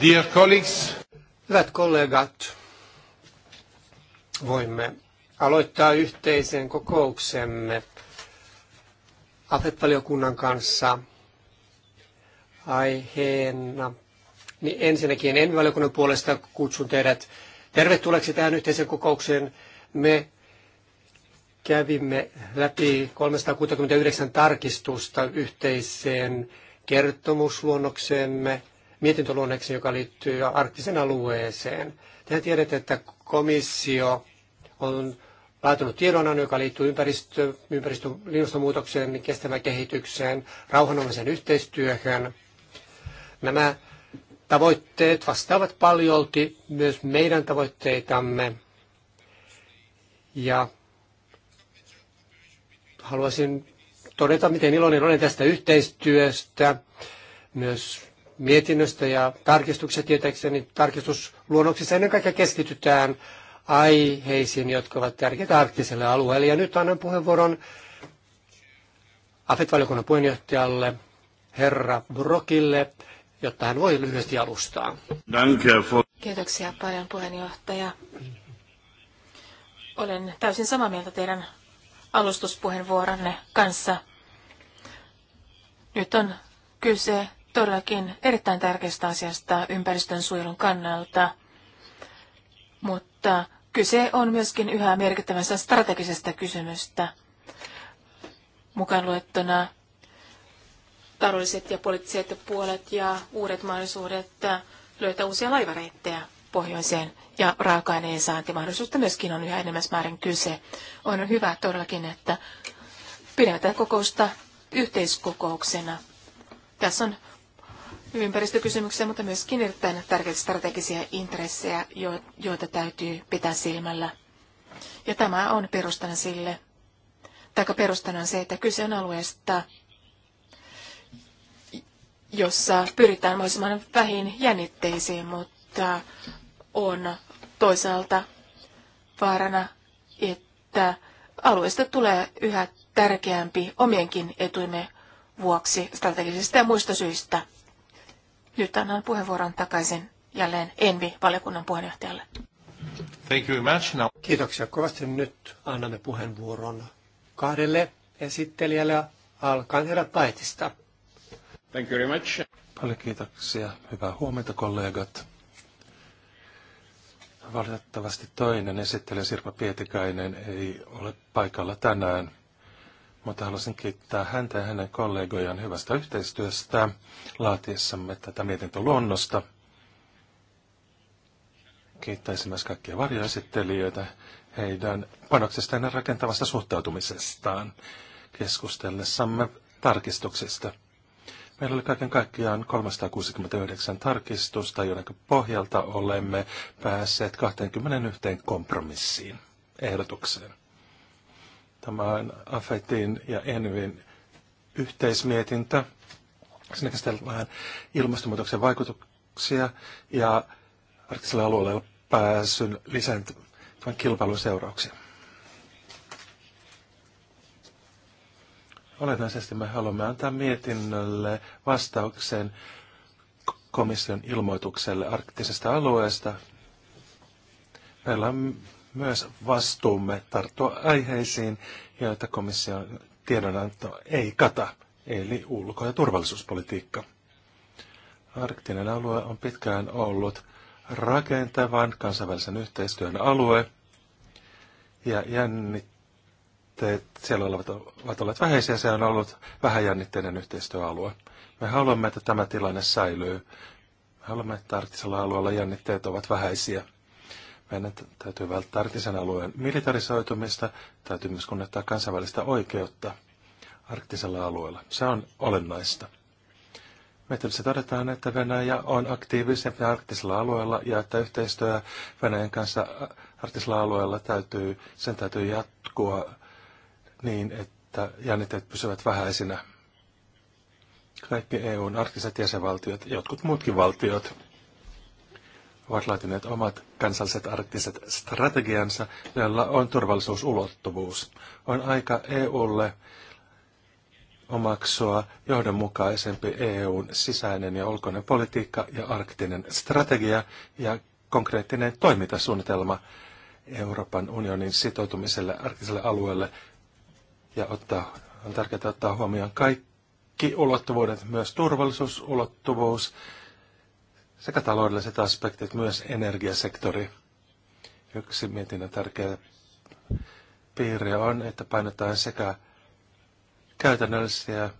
Dear colleagues. Hyvät kollegat, voimme aloittaa yhteisen kokouksemme afep kanssa aiheena. Niin ensinnäkin en valiokunnan puolesta kutsun teidät tervetulleeksi tähän yhteisen kokoukseen. Me kävimme läpi 369 tarkistusta yhteiseen kertomusluonnokseemme, mietintöluonnokseen, joka liittyy arktisen alueeseen. Tehän tiedätte, että komissio on laatinut tiedonannon, joka liittyy ympäristö, ympäristön ilmastonmuutokseen, kestävään kehitykseen, rauhanomaisen yhteistyöhön. Nämä tavoitteet vastaavat paljolti myös meidän tavoitteitamme. Ja Haluaisin todeta, miten iloinen olen tästä yhteistyöstä, myös mietinnöstä ja tarkistuksesta tietääkseni tarkistusluonnoksissa ennen kaikkea keskitytään aiheisiin, jotka ovat tärkeitä arktiselle alueelle. Ja nyt annan puheenvuoron AFET-valiokunnan puheenjohtajalle, herra Brokille, jotta hän voi lyhyesti alustaa. Kiitoksia paljon puheenjohtaja. Olen täysin samaa mieltä teidän alustuspuheenvuoronne kanssa. Nyt on kyse todellakin erittäin tärkeästä asiasta ympäristön suojelun kannalta, mutta kyse on myöskin yhä merkittävästä strategisesta kysymystä, mukaan luettuna taloudelliset ja poliittiset puolet ja uudet mahdollisuudet löytää uusia laivareittejä pohjoiseen ja raaka-aineen saantimahdollisuutta myöskin on yhä enemmän määrin kyse. On hyvä todellakin, että pidetään kokousta yhteiskokouksena. Tässä on ympäristökysymyksiä, mutta myöskin erittäin tärkeitä strategisia intressejä, joita täytyy pitää silmällä. Ja tämä on perustana sille, tai perustana on se, että kyse on alueesta, jossa pyritään mahdollisimman vähin jännitteisiin, mutta on Toisaalta vaarana, että alueesta tulee yhä tärkeämpi omienkin etuimme vuoksi strategisista ja muista syistä. Nyt annan puheenvuoron takaisin jälleen Envi-valiokunnan puheenjohtajalle. Thank you very much. Now. Kiitoksia kovasti. Nyt annamme puheenvuoron kahdelle esittelijälle alkaen herra Paitista. Thank you very much. Paljon kiitoksia. Hyvää huomenta kollegat. Valitettavasti toinen esittelijä Sirpa Pietikäinen ei ole paikalla tänään, mutta haluaisin kiittää häntä ja hänen kollegojaan hyvästä yhteistyöstä laatiessamme tätä mietintöluonnosta. Kiittäisin myös kaikkia varjoesittelijöitä heidän panoksestaan ja rakentavasta suhtautumisestaan keskustellessamme tarkistuksista. Meillä oli kaiken kaikkiaan 369 tarkistusta, joiden pohjalta olemme päässeet 21 kompromissiin ehdotukseen. Tämä on Afetin ja Envin yhteismietintö. Siinä käsitellään ilmastonmuutoksen vaikutuksia ja arktisella alueella pääsyn lisääntyvän kilpailun seurauksia. Olennaisesti me haluamme antaa mietinnölle vastauksen komission ilmoitukselle arktisesta alueesta. Meillä on myös vastuumme tarttua aiheisiin, joita komission tiedonanto ei kata, eli ulko- ja turvallisuuspolitiikka. Arktinen alue on pitkään ollut rakentavan kansainvälisen yhteistyön alue, ja jännit jännitteet siellä olevat ovat olleet vähäisiä. Se on ollut vähän jännitteinen yhteistyöalue. Me haluamme, että tämä tilanne säilyy. Me haluamme, että arktisella alueella jännitteet ovat vähäisiä. Meidän täytyy välttää arktisen alueen militarisoitumista, täytyy myös kunnioittaa kansainvälistä oikeutta arktisella alueella. Se on olennaista. Metelissä todetaan, että Venäjä on aktiivisempi arktisella alueella ja että yhteistyö Venäjän kanssa arktisella alueella täytyy, sen täytyy jatkua niin, että jännitteet pysyvät vähäisinä. Kaikki EUn arktiset jäsenvaltiot, ja jotkut muutkin valtiot, ovat laatineet omat kansalliset arktiset strategiansa, joilla on turvallisuusulottuvuus. On aika EUlle omaksua johdonmukaisempi EUn sisäinen ja ulkoinen politiikka ja arktinen strategia ja konkreettinen toimintasuunnitelma Euroopan unionin sitoutumiselle arktiselle alueelle ja ottaa, on tärkeää ottaa huomioon kaikki ulottuvuudet, myös turvallisuusulottuvuus sekä taloudelliset aspektit, myös energiasektori. Yksi mietinnän tärkeä piirre on, että painotetaan sekä käytännöllisiä,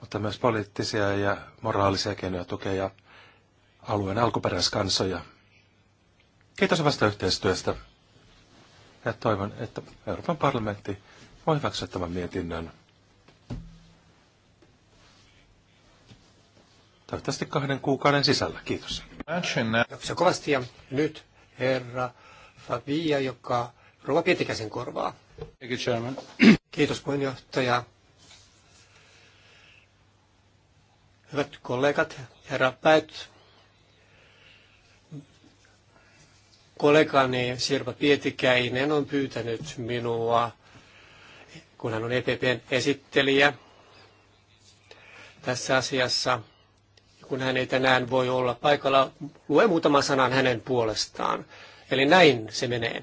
mutta myös poliittisia ja moraalisia keinoja tukea alueen alkuperäiskansoja. Kiitos vasta yhteistyöstä ja toivon, että Euroopan parlamentti voi hyväksyä tämän mietinnön. Toivottavasti kahden kuukauden sisällä. Kiitos. Kiitoksia kovasti ja nyt herra Fabia, joka rouva Pietikäisen korvaa. Kiitos puheenjohtaja. Hyvät kollegat, herra Päyt, Kollegani Sirpa Pietikäinen on pyytänyt minua, kun hän on EPPn esittelijä tässä asiassa, kun hän ei tänään voi olla paikalla, lue muutaman sanan hänen puolestaan. Eli näin se menee.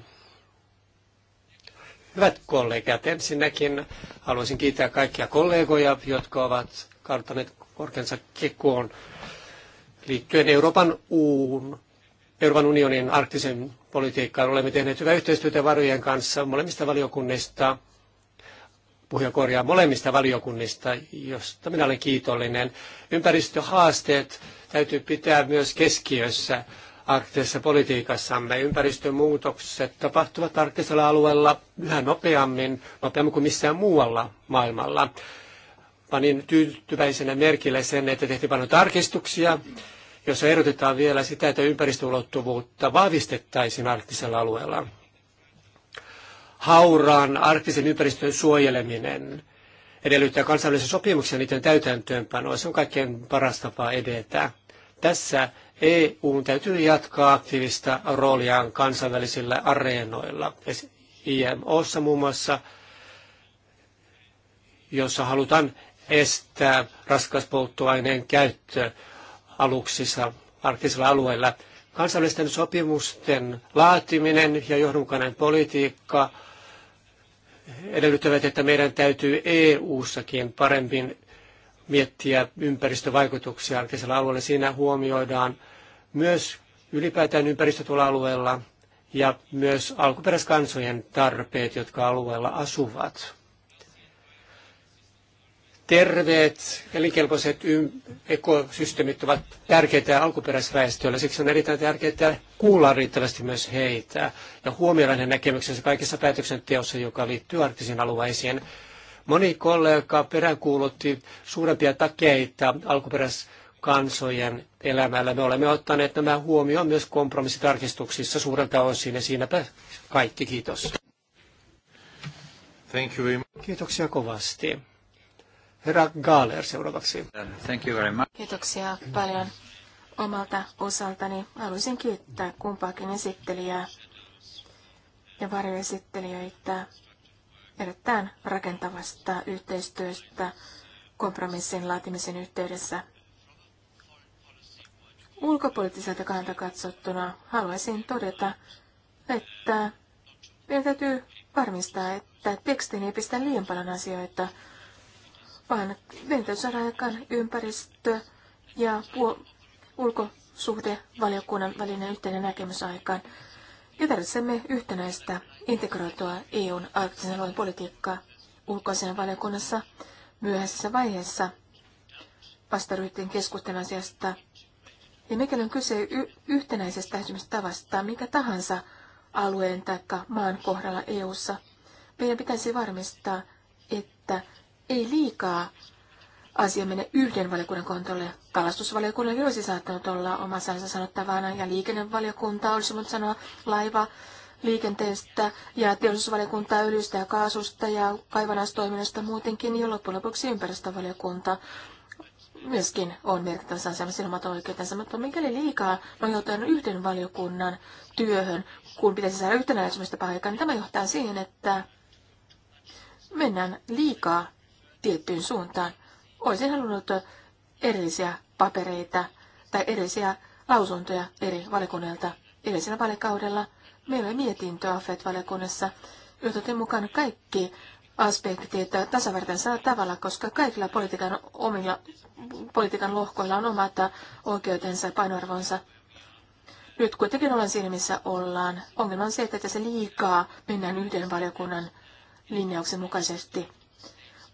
Hyvät kollegat, ensinnäkin haluaisin kiittää kaikkia kollegoja, jotka ovat kartaneet korkensa kekoon liittyen Euroopan uun Euroopan unionin arktisen politiikkaan. Olemme tehneet hyvää yhteistyötä varojen kanssa molemmista valiokunnista, puhuja korjaa molemmista valiokunnista, josta minä olen kiitollinen. Ympäristöhaasteet täytyy pitää myös keskiössä arktisessa politiikassamme. Ympäristömuutokset tapahtuvat arktisella alueella yhä nopeammin, nopeammin kuin missään muualla maailmalla. Panin tyytyväisenä merkille sen, että tehtiin paljon tarkistuksia jossa ehdotetaan vielä sitä, että ympäristöulottuvuutta vahvistettaisiin arktisella alueella. Hauraan arktisen ympäristön suojeleminen edellyttää kansainvälisiä sopimuksia niiden täytäntöönpanoa. Se on kaikkein paras tapa edetä. Tässä EU täytyy jatkaa aktiivista rooliaan kansainvälisillä areenoilla. IMOssa muun muassa, jossa halutaan estää raskaspolttoaineen käyttö aluksissa arktisilla alueilla. Kansainvälisten sopimusten laatiminen ja johdonmukainen politiikka edellyttävät, että meidän täytyy EU-sakin paremmin miettiä ympäristövaikutuksia arktisella alueella. Siinä huomioidaan myös ylipäätään ympäristö tuolla alueella ja myös alkuperäiskansojen tarpeet, jotka alueella asuvat terveet, elinkelpoiset ekosysteemit ovat tärkeitä alkuperäisväestöllä Siksi on erittäin tärkeää kuulla riittävästi myös heitä ja huomioida heidän näkemyksensä kaikessa päätöksenteossa, joka liittyy arktisiin alueisiin. Moni kollega peräänkuulutti suurempia takeita alkuperäiskansojen elämällä. Me olemme ottaneet nämä huomioon myös kompromissitarkistuksissa suurelta osin ja siinäpä kaikki. Kiitos. Thank you very much. Kiitoksia kovasti. Herra Gaaler seuraavaksi. Thank you very much. Kiitoksia paljon omalta osaltani. Haluaisin kiittää kumpaakin esittelijää ja varjoesittelijöitä erittäin rakentavasta yhteistyöstä kompromissin laatimisen yhteydessä. Ulkopoliittiselta kannalta katsottuna haluaisin todeta, että meidän täytyy varmistaa, että tekstiin ei pistä liian paljon asioita, vaan Ventosarankan ympäristö ja puo- ulkosuhdevaliokunnan välinen yhteinen näkemys aikaan. Ja tarvitsemme yhtenäistä integroitua EUn arktisen alueen politiikkaa ulkoisen valiokunnassa myöhäisessä vaiheessa vastaryhtiin keskustelun asiasta. Ja mikäli on kyse y- yhtenäisestä tavasta, mikä tahansa alueen tai maan kohdalla EUssa, meidän pitäisi varmistaa, että ei liikaa asia mene yhden valiokunnan kontolle. kalastusvaliokunnan olisi saattanut olla oma sanansa sanottavana ja liikennevaliokunta olisi voinut sanoa laiva liikenteestä ja teollisuusvaliokunta öljystä ja kaasusta ja kaivanaistoiminnasta muutenkin ja loppujen lopuksi ympäristövaliokunta myöskin on merkittävässä asemassa ilmat oikeutensa, mutta mikäli liikaa nojautuu yhden valiokunnan työhön, kun pitäisi saada yhtenäisyydestä paikkaa, niin tämä johtaa siihen, että mennään liikaa tiettyyn suuntaan. Olisin halunnut erillisiä papereita tai erillisiä lausuntoja eri valikunnilta. Edellisellä valikaudella meillä oli mietintö AFET-valikunnassa, jota mukaan kaikki aspektit tasavertaisella tavalla, koska kaikilla politiikan, omilla, politiikan lohkoilla on omat oikeutensa ja painoarvonsa. Nyt kuitenkin ollaan siinä, missä ollaan. Ongelma on se, että tässä liikaa mennään yhden valiokunnan linjauksen mukaisesti.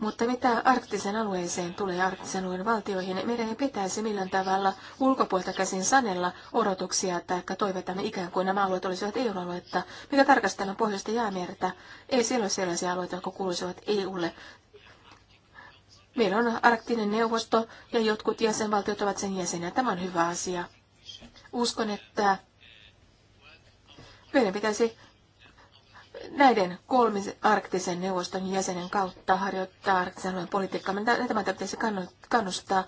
Mutta mitä arktisen alueeseen tulee arktisen alueen valtioihin, meidän ei pitäisi millään tavalla ulkopuolta käsin sanella odotuksia tai toiveitamme ikään kuin nämä alueet olisivat EU-aluetta. mitä tarkastellaan pohjoista jäämertä, ei siellä ole sellaisia alueita, jotka kuuluisivat EUlle. Meillä on arktinen neuvosto ja jotkut jäsenvaltiot ovat sen jäseniä. Tämä on hyvä asia. Uskon, että meidän pitäisi näiden kolmen arktisen neuvoston jäsenen kautta harjoittaa arktisen alueen politiikkaa. Näitä pitäisi kannustaa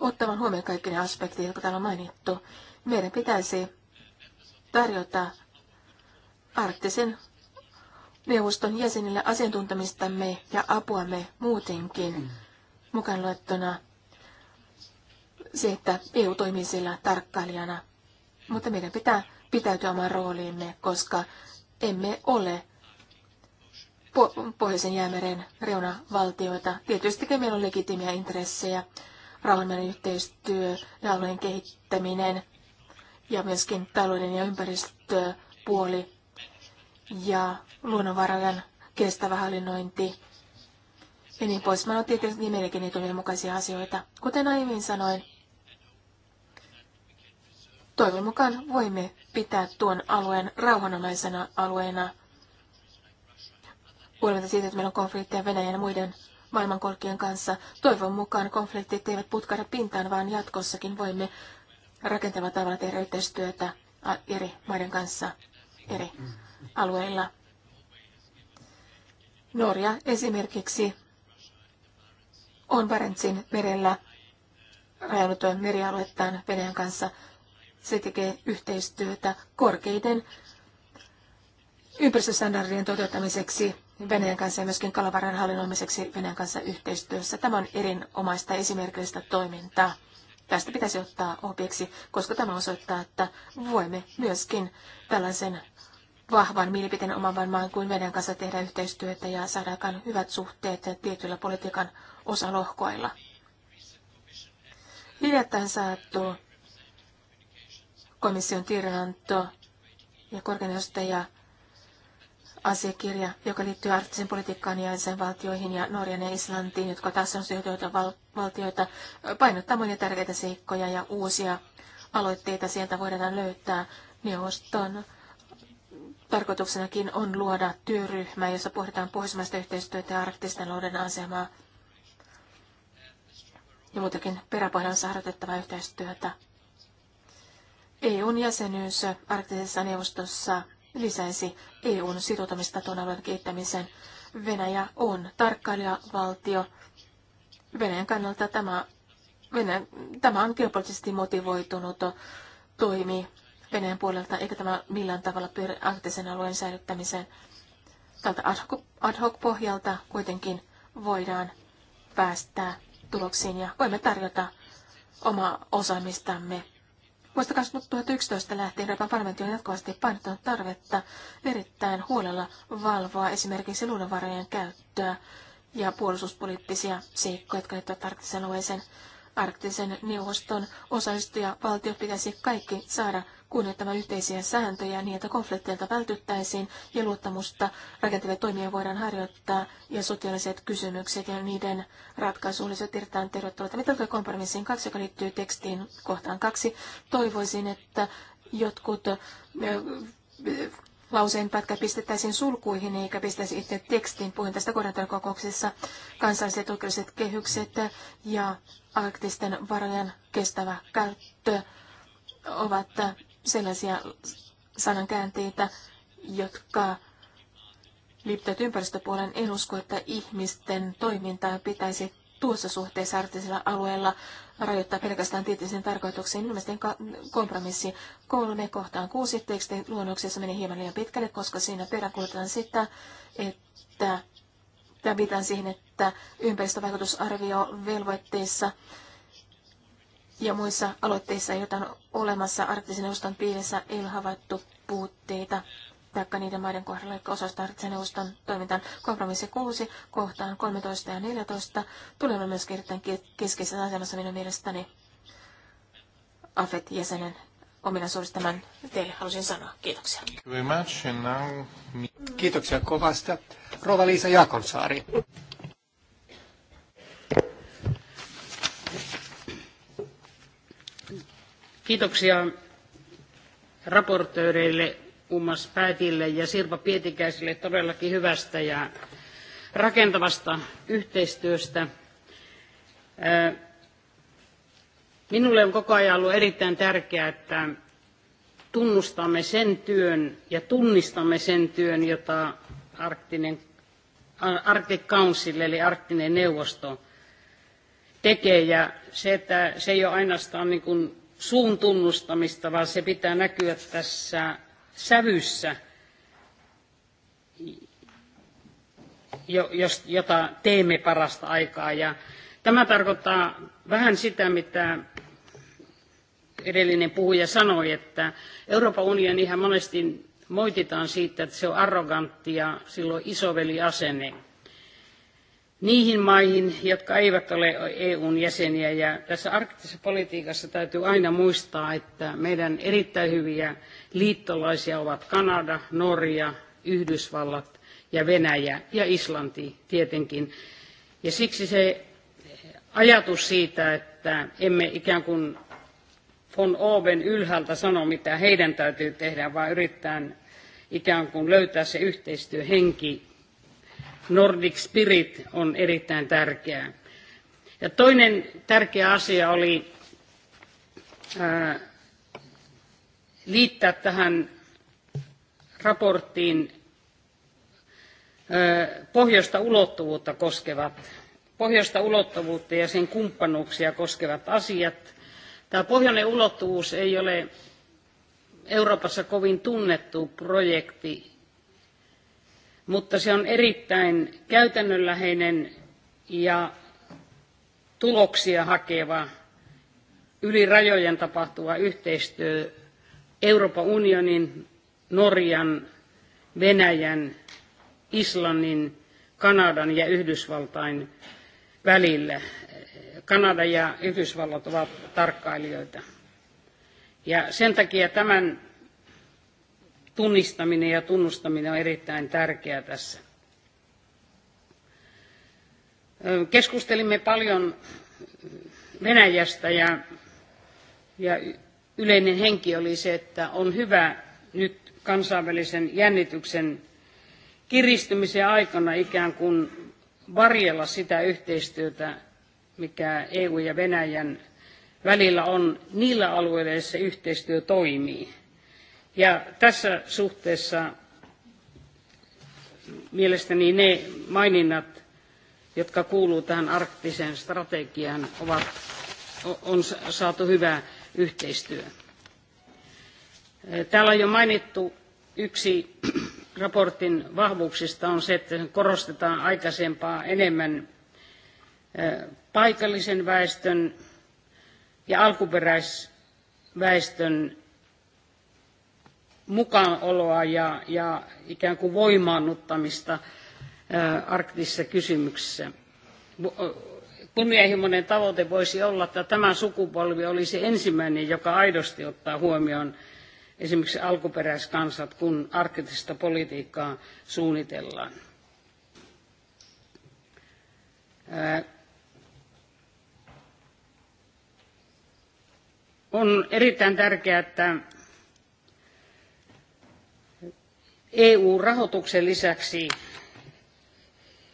ottamaan huomioon kaikki ne aspektit, jotka täällä on mainittu. Meidän pitäisi tarjota arktisen neuvoston jäsenille asiantuntemistamme ja apuamme muutenkin mukaan luettuna se, että EU toimii sillä tarkkailijana. Mutta meidän pitää pitäytyä oman rooliimme, koska emme ole po- Pohjoisen jäämeren reunavaltioita. Tietysti meillä on legitimiä intressejä, rauhallinen yhteistyö ja alueen kehittäminen ja myöskin talouden ja ympäristöpuoli ja luonnonvarojen kestävä hallinnointi ja niin pois. Mä tietysti niin meillekin mukaisia asioita. Kuten aiemmin sanoin, toivon mukaan voimme pitää tuon alueen rauhanomaisena alueena Huolimatta siitä, että meillä on konflikteja Venäjän ja muiden maailmankolkien kanssa, toivon mukaan konfliktit eivät putkaida pintaan, vaan jatkossakin voimme rakentavalla tavalla tehdä yhteistyötä eri maiden kanssa eri alueilla. Norja esimerkiksi on Barentsin merellä rajannut merialuettaan Venäjän kanssa. Se tekee yhteistyötä korkeiden ympäristöstandardien toteuttamiseksi Venäjän kanssa ja myöskin kalavaran hallinnoimiseksi Venäjän kanssa yhteistyössä. Tämä on erinomaista esimerkillistä toimintaa. Tästä pitäisi ottaa opiksi, koska tämä osoittaa, että voimme myöskin tällaisen vahvan mielipiteen omavan maan kuin Venäjän kanssa tehdä yhteistyötä ja saadaan hyvät suhteet tietyillä politiikan osalohkoilla. Hiljattain saattu komission tiedonanto ja korkeanjohtaja asiakirja, joka liittyy arktisen politiikkaan ja sen valtioihin ja Norjan ja Islantiin, jotka taas on sijoitettu val- valtioita, painottaa monia tärkeitä seikkoja ja uusia aloitteita sieltä voidaan löytää. Neuvoston tarkoituksenakin on luoda työryhmä, jossa pohditaan pohjoismaista yhteistyötä ja arktisten talouden asemaa ja muutakin peräpohjan harjoitettavaa yhteistyötä. EUn jäsenyys arktisessa neuvostossa lisäisi EUn sitoutumista tuon alueen kehittämiseen. Venäjä on tarkkailijavaltio. Venäjän kannalta tämä, Venäjän, tämä on geopoliittisesti motivoitunut toimi Venäjän puolelta, eikä tämä millään tavalla pyöri arktisen alueen säilyttämiseen. Tältä ad hoc, ad hoc pohjalta kuitenkin voidaan päästää tuloksiin ja voimme tarjota omaa osaamistamme Vuodesta 2011 lähtien Euroopan parlamentti on jatkuvasti painottanut tarvetta erittäin huolella valvoa esimerkiksi luonnonvarojen käyttöä ja puolustuspoliittisia seikkoja, jotka liittyvät arktisen alueeseen. Arktisen neuvoston osallistujavaltiot pitäisi kaikki saada kunnioittamaan yhteisiä sääntöjä niin, että konflikteilta vältyttäisiin ja luottamusta rakentavia toimia voidaan harjoittaa ja sotilaiset kysymykset ja niiden ratkaisu olisivat erittäin tervetulleita. Mitä tulee kompromissiin kaksi, joka liittyy tekstiin kohtaan kaksi, toivoisin, että jotkut lauseen pätkä pistettäisiin sulkuihin eikä pistäisi itse tekstiin. Puhuin tästä koordinaatiokokouksessa kansalliset oikeudelliset kehykset ja arktisten varojen kestävä käyttö ovat sellaisia sanankäänteitä, jotka liittyvät ympäristöpuolen. En usko, että ihmisten toimintaa pitäisi tuossa suhteessa arktisella alueella rajoittaa pelkästään tarkoituksen tarkoituksiin. Mielestäni kompromissi kolme kohtaan kuusi tekstin luonnoksessa meni hieman liian pitkälle, koska siinä peräänkuulutetaan sitä, että tämä siihen, että ympäristövaikutusarvio velvoitteissa ja muissa aloitteissa, joita on olemassa arktisen neuvoston piirissä, ei ole havaittu puutteita taikka niiden maiden kohdalla, jotka osallistuvat arktisen neuvoston toimintaan. Kompromissi 6 kohtaan 13 ja 14 tulee olla myös erittäin keskeisessä asemassa minun mielestäni AFET-jäsenen ominaisuudesta tämän teille halusin sanoa. Kiitoksia. Kiitoksia kovasta. Rova Liisa Jaakonsaari. Kiitoksia raportööreille Ummas Päätille ja Sirpa Pietikäiselle todellakin hyvästä ja rakentavasta yhteistyöstä. Minulle on koko ajan ollut erittäin tärkeää, että tunnustamme sen työn ja tunnistamme sen työn, jota Arktinen, Arctic Council eli Arktinen neuvosto tekee. Ja se, että se ei ole ainoastaan niin kuin suun tunnustamista, vaan se pitää näkyä tässä sävyssä, jota teemme parasta aikaa. Ja tämä tarkoittaa vähän sitä, mitä edellinen puhuja sanoi, että Euroopan unioni ihan monesti moititaan siitä, että se on arrogantti ja silloin isoveliasenne niihin maihin, jotka eivät ole EUn jäseniä. Ja tässä arktisessa politiikassa täytyy aina muistaa, että meidän erittäin hyviä liittolaisia ovat Kanada, Norja, Yhdysvallat ja Venäjä ja Islanti tietenkin. Ja siksi se ajatus siitä, että emme ikään kuin von Oven ylhäältä sano, mitä heidän täytyy tehdä, vaan yritetään ikään kuin löytää se yhteistyöhenki Nordic Spirit on erittäin tärkeää. Ja toinen tärkeä asia oli ää, äh, liittää tähän raporttiin ää, äh, pohjoista ulottuvuutta koskevat, pohjoista ulottuvuutta ja sen kumppanuuksia koskevat asiat. Tämä pohjoinen ulottuvuus ei ole Euroopassa kovin tunnettu projekti mutta se on erittäin käytännönläheinen ja tuloksia hakeva yli rajojen tapahtuva yhteistyö Euroopan unionin, Norjan, Venäjän, Islannin, Kanadan ja Yhdysvaltain välillä. Kanada ja Yhdysvallat ovat tarkkailijoita. Ja sen takia tämän tunnistaminen ja tunnustaminen on erittäin tärkeää tässä. Keskustelimme paljon Venäjästä ja, ja yleinen henki oli se, että on hyvä nyt kansainvälisen jännityksen kiristymisen aikana ikään kuin varjella sitä yhteistyötä, mikä EU ja Venäjän välillä on niillä alueilla, joissa yhteistyö toimii. Ja tässä suhteessa mielestäni ne maininnat, jotka kuuluvat tähän arktiseen strategiaan, ovat, on saatu hyvää yhteistyö. Täällä on jo mainittu yksi raportin vahvuuksista on se, että korostetaan aikaisempaa enemmän paikallisen väestön ja alkuperäisväestön mukaanoloa ja, ja ikään kuin voimaannuttamista arktisissa kysymyksissä. Kunnianhimoinen tavoite voisi olla, että tämä sukupolvi olisi ensimmäinen, joka aidosti ottaa huomioon esimerkiksi alkuperäiskansat, kun arktista politiikkaa suunnitellaan. On erittäin tärkeää, että EU-rahoituksen lisäksi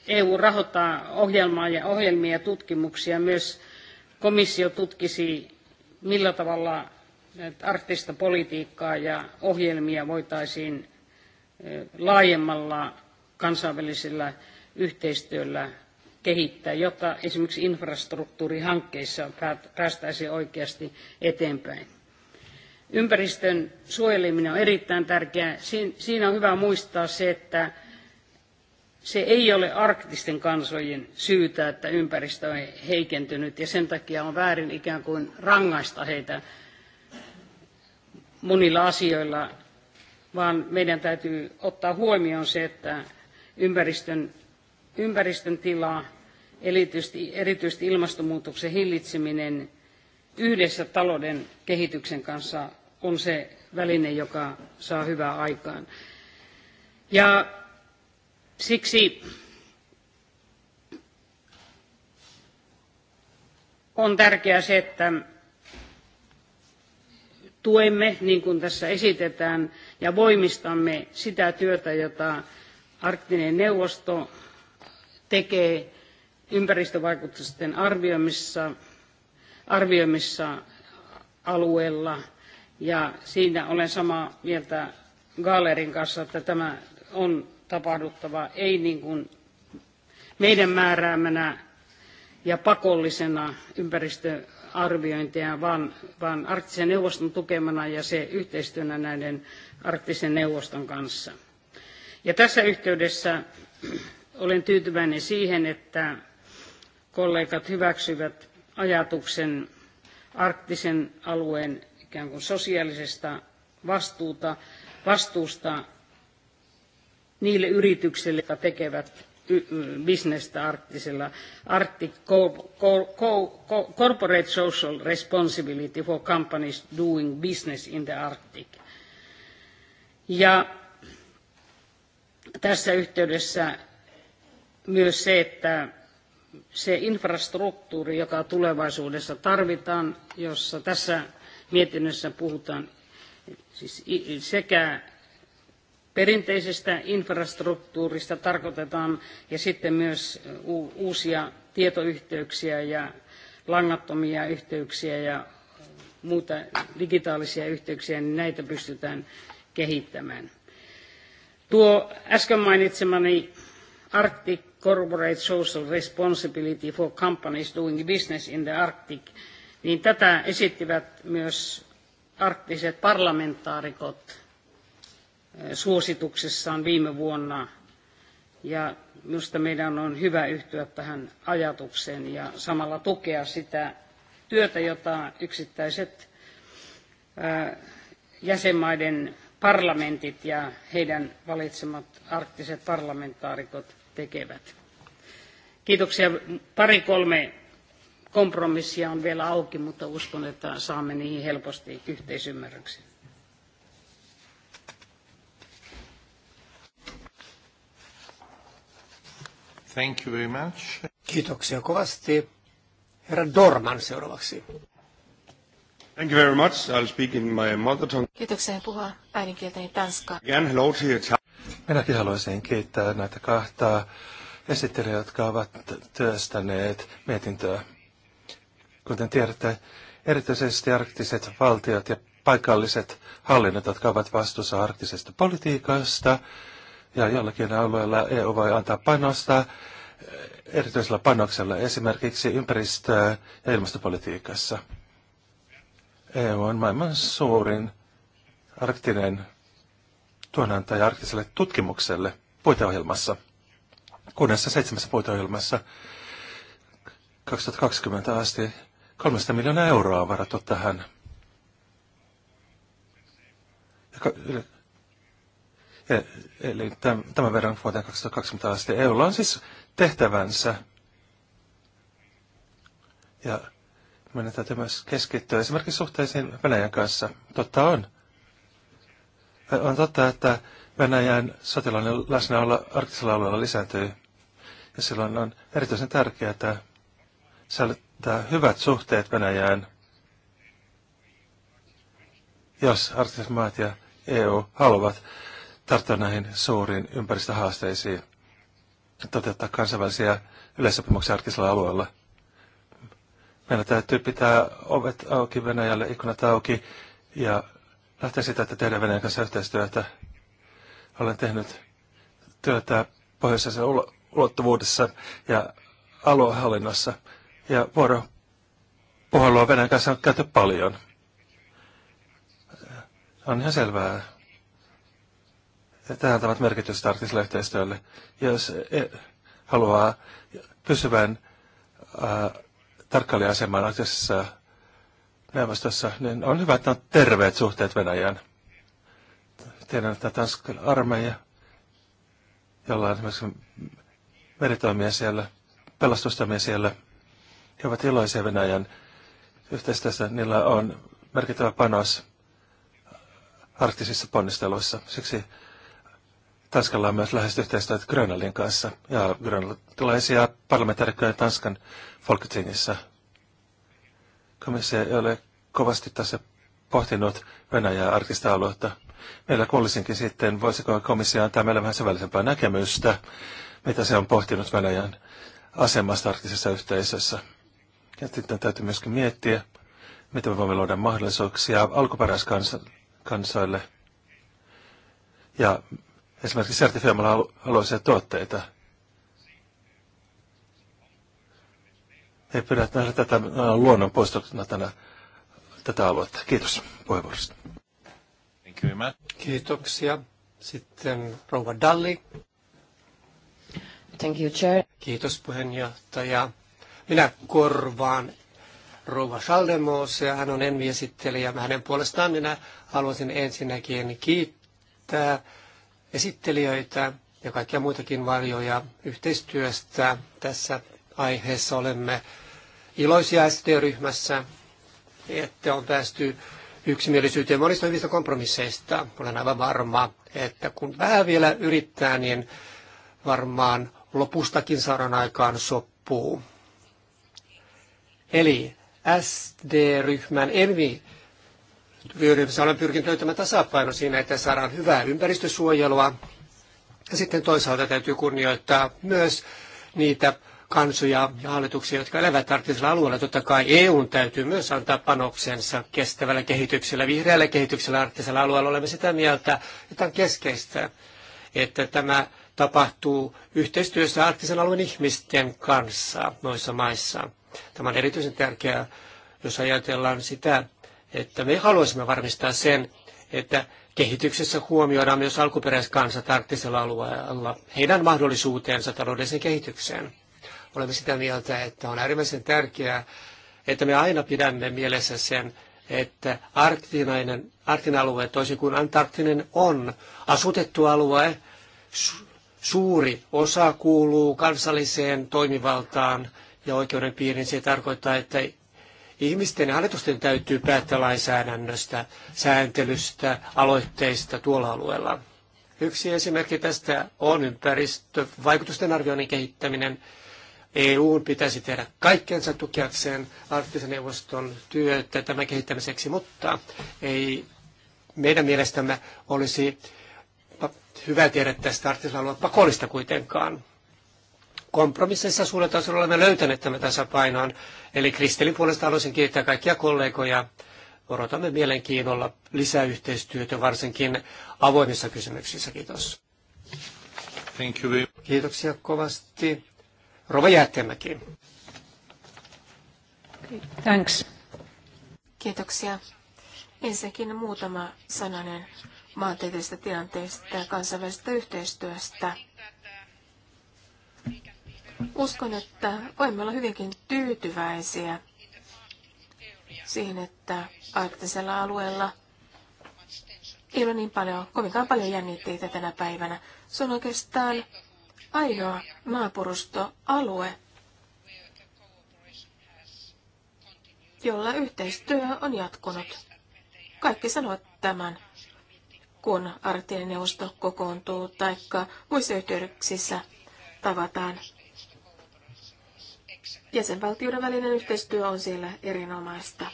EU rahoittaa ohjelmaa ja ohjelmia ja tutkimuksia. Myös komissio tutkisi, millä tavalla arktista politiikkaa ja ohjelmia voitaisiin laajemmalla kansainvälisellä yhteistyöllä kehittää, jotta esimerkiksi infrastruktuurihankkeissa päästäisiin oikeasti eteenpäin. Ympäristön suojeleminen on erittäin tärkeää. Siinä on hyvä muistaa se, että se ei ole arktisten kansojen syytä, että ympäristö on heikentynyt ja sen takia on väärin ikään kuin rangaista heitä monilla asioilla, vaan meidän täytyy ottaa huomioon se, että ympäristön, ympäristön tila, erityisesti, erityisesti ilmastonmuutoksen hillitseminen yhdessä talouden kehityksen kanssa on se väline, joka saa hyvää aikaan. Ja siksi on tärkeää se, että tuemme, niin kuin tässä esitetään, ja voimistamme sitä työtä, jota Arktinen neuvosto tekee ympäristövaikutusten arvioimisessa arvioimissa alueella. Ja siinä olen samaa mieltä Gaalerin kanssa, että tämä on tapahduttava ei niin kuin meidän määräämänä ja pakollisena ympäristöarviointia, vaan, vaan arktisen neuvoston tukemana ja se yhteistyönä näiden arktisen neuvoston kanssa. Ja tässä yhteydessä olen tyytyväinen siihen, että kollegat hyväksyvät ajatuksen arktisen alueen ikään kuin sosiaalisesta vastuuta, vastuusta niille yrityksille, jotka tekevät bisnestä arktisella. Arctic Corporate Social Responsibility for Companies Doing Business in the Arctic. Ja tässä yhteydessä myös se, että se infrastruktuuri, joka tulevaisuudessa tarvitaan, jossa tässä mietinnössä puhutaan siis sekä perinteisestä infrastruktuurista tarkoitetaan ja sitten myös uusia tietoyhteyksiä ja langattomia yhteyksiä ja muita digitaalisia yhteyksiä, niin näitä pystytään kehittämään. Tuo äsken mainitsemani Arctic Corporate Social Responsibility for Companies Doing Business in the Arctic, niin tätä esittivät myös arktiset parlamentaarikot eh, suosituksessaan viime vuonna. Ja minusta meidän on hyvä yhtyä tähän ajatukseen ja samalla tukea sitä työtä, jota yksittäiset eh, jäsenmaiden parlamentit ja heidän valitsemat arktiset parlamentaarikot tekevät. Kiitoksia. Pari kolme kompromissia on vielä auki, mutta uskon, että saamme niihin helposti yhteisymmärryksen. Thank you very much. Kiitoksia kovasti. Herra Dorman seuraavaksi. Thank you very much. I'll speak in my mother tongue. Kiitoksia puhua äidinkieltäni tanskaa. Again, hello to you. Minäkin haluaisin kiittää näitä kahta esittelijä, jotka ovat työstäneet mietintöä. Kuten tiedätte, erityisesti arktiset valtiot ja paikalliset hallinnot, jotka ovat vastuussa arktisesta politiikasta, ja jollakin alueella EU voi antaa panosta erityisellä panoksella esimerkiksi ympäristö- ja ilmastopolitiikassa. EU on maailman suurin arktinen tuonantaja arkiselle tutkimukselle puiteohjelmassa, kuudessa seitsemässä puiteohjelmassa 2020 asti 300 miljoonaa euroa on varattu tähän. ja, e- eli tämän verran vuoteen 2020 asti EUlla on siis tehtävänsä. Ja meidän täytyy myös keskittyä esimerkiksi suhteisiin Venäjän kanssa. Totta on. On totta, että Venäjän sotilainen läsnäolo arktisella alueella lisääntyy, ja silloin on erityisen tärkeää että säilyttää hyvät suhteet Venäjään, jos arktiset maat ja EU haluavat tarttua näihin suuriin ympäristöhaasteisiin ja toteuttaa kansainvälisiä yleissopimuksia arktisella alueella. Meillä täytyy pitää ovet auki Venäjälle, ikkunat auki ja lähtee siitä, että tehdään Venäjän kanssa yhteistyötä olen tehnyt työtä pohjoisessa ulottuvuudessa ja aluehallinnossa. Ja vuoropuhelua Venäjän kanssa on käyty paljon. On ihan selvää, että tämä merkitys arktiselle yhteistyölle. Jos e- haluaa pysyvän ää, tarkkailijaseman arktisessa neuvostossa, niin on hyvä, että on terveet suhteet Venäjään. Tiedän, että Tanskan armeija, jolla on esimerkiksi meritoimia siellä, pelastustoimia siellä, he ovat iloisia Venäjän yhteistyössä. Niillä on merkittävä panos arktisissa ponnisteluissa. Siksi Tanskalla on myös lähes yhteistyötä Grönalin kanssa ja tulee siellä parlamentaarikkoja Tanskan Folketingissa Komissio ei ole kovasti tässä pohtinut Venäjää arkista aluetta. Meillä kuulisinkin sitten, voisiko komissio antaa meille vähän syvällisempää näkemystä, mitä se on pohtinut Venäjän asemasta arktisessa yhteisössä. Ja sitten täytyy myöskin miettiä, miten me voimme luoda mahdollisuuksia alkuperäiskansoille ja esimerkiksi sertifioimalla alueellisia tuotteita – ei pidä nähdä tätä äh, luonnon poistotuna tänä, tätä aluetta. Kiitos puheenvuorosta. Kiitoksia. Sitten rouva Dalli. Thank you, Chair. Kiitos puheenjohtaja. Minä korvaan rouva Schaldemos ja hän on enviesittelijä. Hänen puolestaan minä haluaisin ensinnäkin kiittää esittelijöitä ja kaikkia muitakin varjoja yhteistyöstä tässä aiheessa olemme iloisia ST-ryhmässä, että on päästy yksimielisyyteen monista hyvistä kompromisseista. Olen aivan varma, että kun vähän vielä yrittää, niin varmaan lopustakin saadaan aikaan soppuu. Eli SD-ryhmän envi työryhmässä olen pyrkinyt löytämään tasapaino siinä, että saadaan hyvää ympäristösuojelua. Ja sitten toisaalta täytyy kunnioittaa myös niitä kansoja ja hallituksia, jotka elävät arktisella alueella. Totta kai EUn täytyy myös antaa panoksensa kestävällä kehityksellä, vihreällä kehityksellä arktisella alueella. Olemme sitä mieltä, että on keskeistä, että tämä tapahtuu yhteistyössä arktisen alueen ihmisten kanssa noissa maissa. Tämä on erityisen tärkeää, jos ajatellaan sitä, että me haluaisimme varmistaa sen, että kehityksessä huomioidaan myös alkuperäiskansat arktisella alueella, heidän mahdollisuutensa taloudelliseen kehitykseen olemme sitä mieltä, että on äärimmäisen tärkeää, että me aina pidämme mielessä sen, että arktinainen, arktinen alue, toisin kuin antarktinen, on asutettu alue. Suuri osa kuuluu kansalliseen toimivaltaan ja oikeuden piiriin. Se tarkoittaa, että ihmisten ja hallitusten täytyy päättää lainsäädännöstä, sääntelystä, aloitteista tuolla alueella. Yksi esimerkki tästä on ympäristövaikutusten arvioinnin kehittäminen. EUn pitäisi tehdä kaikkensa tukeakseen arktisen neuvoston työtä tämän kehittämiseksi, mutta ei meidän mielestämme olisi hyvä tehdä tästä arktisella alueella pakollista kuitenkaan. Kompromisseissa suurella tasolla olemme löytäneet tämän tasapainon, eli Kristelin puolesta haluaisin kiittää kaikkia kollegoja. Odotamme mielenkiinnolla lisää yhteistyötä varsinkin avoimissa kysymyksissä. Kiitos. Thank you. Kiitoksia kovasti. Rova Jäätteenmäki. Thanks. Kiitoksia. Ensinnäkin muutama sananen maantieteellisestä tilanteesta ja kansainvälisestä yhteistyöstä. Uskon, että voimme olla hyvinkin tyytyväisiä siihen, että arktisella alueella ei ole niin paljon, kovinkaan paljon jännitteitä tänä päivänä. Se on oikeastaan ainoa maapurustoalue, jolla yhteistyö on jatkunut. Kaikki sanovat tämän, kun arktinen neuvosto kokoontuu tai muissa yhteyksissä tavataan. Jäsenvaltioiden välinen yhteistyö on siellä erinomaista.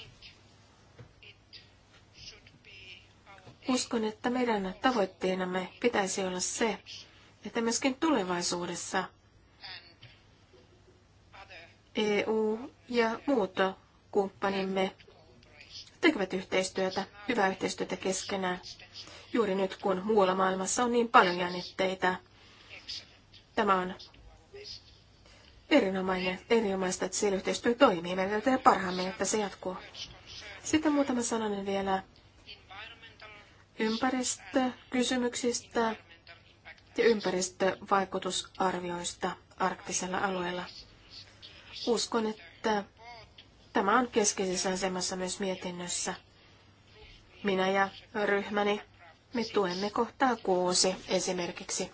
Uskon, että meidän tavoitteenamme pitäisi olla se, että myöskin tulevaisuudessa EU ja muut kumppanimme tekevät yhteistyötä, hyvää yhteistyötä keskenään. Juuri nyt, kun muualla maailmassa on niin paljon jännitteitä, tämä on erinomainen, erinomaista, että siellä yhteistyö toimii. Meidän tehdä parhaamme, että se jatkuu. Sitten muutama sananen vielä ympäristökysymyksistä ja ympäristövaikutusarvioista arktisella alueella. Uskon, että tämä on keskeisessä asemassa myös mietinnössä. Minä ja ryhmäni, me tuemme kohtaa kuusi esimerkiksi.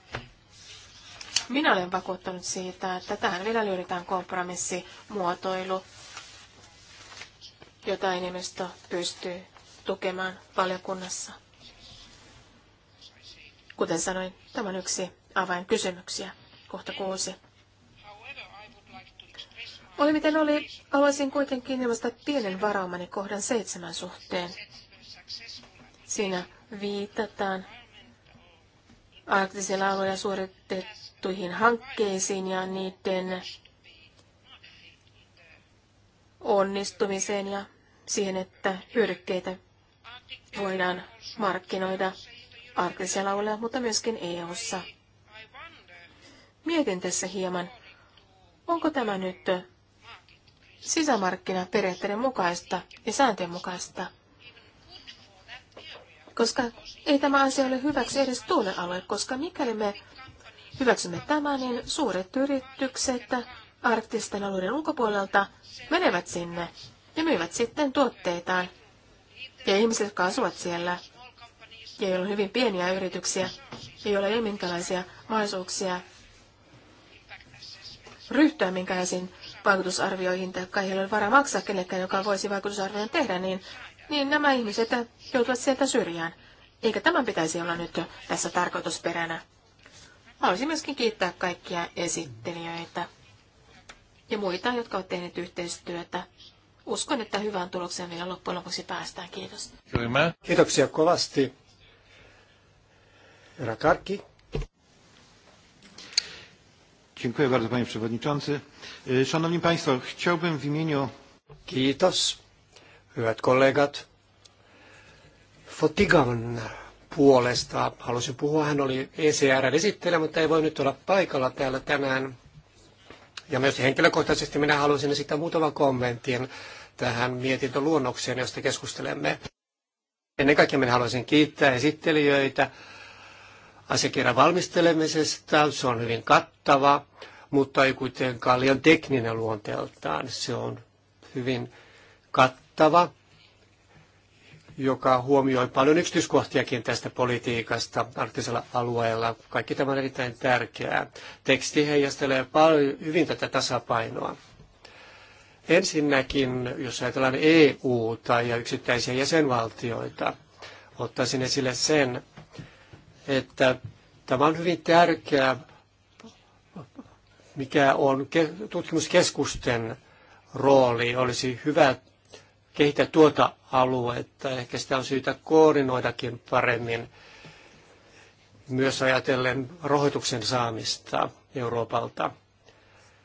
Minä olen vakuuttanut siitä, että tähän vielä löydetään kompromissimuotoilu, jota enemmistö pystyy tukemaan valiokunnassa. Kuten sanoin, tämä on yksi avainkysymyksiä. Kohta kuusi. Oli miten oli, haluaisin kuitenkin ilmaista pienen varaumani kohdan seitsemän suhteen. Siinä viitataan arktisilla alueilla suoritettuihin hankkeisiin ja niiden onnistumiseen ja siihen, että hyödykkeitä voidaan markkinoida arktisella lauluja, mutta myöskin EU-ssa. Mietin tässä hieman, onko tämä nyt sisämarkkinaperiaatteiden mukaista ja sääntöjen mukaista, koska ei tämä asia ole hyväksi edes tuolle alue, koska mikäli me hyväksymme tämän, niin suuret yritykset arktisten alueiden ulkopuolelta menevät sinne ja myyvät sitten tuotteitaan. Ja ihmiset, jotka asuvat siellä, ja joilla on hyvin pieniä yrityksiä ja joilla ei ole minkälaisia mahdollisuuksia ryhtyä minkälaisiin vaikutusarvioihin tai kai heillä ole varaa maksaa kenellekään, joka voisi vaikutusarvioon tehdä, niin, niin nämä ihmiset joutuvat sieltä syrjään. Eikä tämän pitäisi olla nyt tässä tarkoitusperänä. Haluaisin myöskin kiittää kaikkia esittelijöitä ja muita, jotka ovat tehneet yhteistyötä. Uskon, että hyvään tulokseen vielä loppujen lopuksi päästään. Kiitos. Kiitoksia kovasti. Herra Dziękuję bardzo panie przewodniczący. E, szanowni państwo, chciałbym w imieniu Kiitos. Hyvät kollegat. Fotigan puolesta halusin puhua. Hän oli ECRn esittelijä, mutta ei voi nyt olla paikalla täällä tänään. Ja myös henkilökohtaisesti minä haluaisin esittää muutaman kommentin tähän mietintöluonnokseen, josta keskustelemme. Ennen kaikkea minä haluaisin kiittää esittelijöitä asiakirjan valmistelemisesta. Se on hyvin kattava, mutta ei kuitenkaan liian tekninen luonteeltaan. Se on hyvin kattava, joka huomioi paljon yksityiskohtiakin tästä politiikasta arktisella alueella. Kaikki tämä on erittäin tärkeää. Teksti heijastelee paljon hyvin tätä tasapainoa. Ensinnäkin, jos ajatellaan EU ja yksittäisiä jäsenvaltioita, ottaisin esille sen, että tämä on hyvin tärkeä, mikä on tutkimuskeskusten rooli. Olisi hyvä kehittää tuota aluetta. Ehkä sitä on syytä koordinoidakin paremmin myös ajatellen rahoituksen saamista Euroopalta.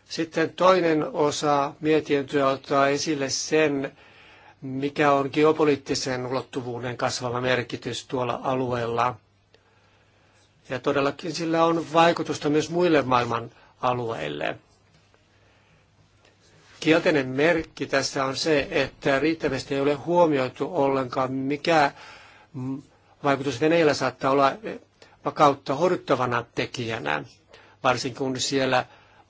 Sitten toinen osa mietintöä ottaa esille sen, mikä on geopoliittisen ulottuvuuden kasvava merkitys tuolla alueella – ja todellakin sillä on vaikutusta myös muille maailman alueille. Kielteinen merkki tässä on se, että riittävästi ei ole huomioitu ollenkaan, mikä vaikutus Venäjällä saattaa olla vakautta horjuttavana tekijänä, varsinkin kun siellä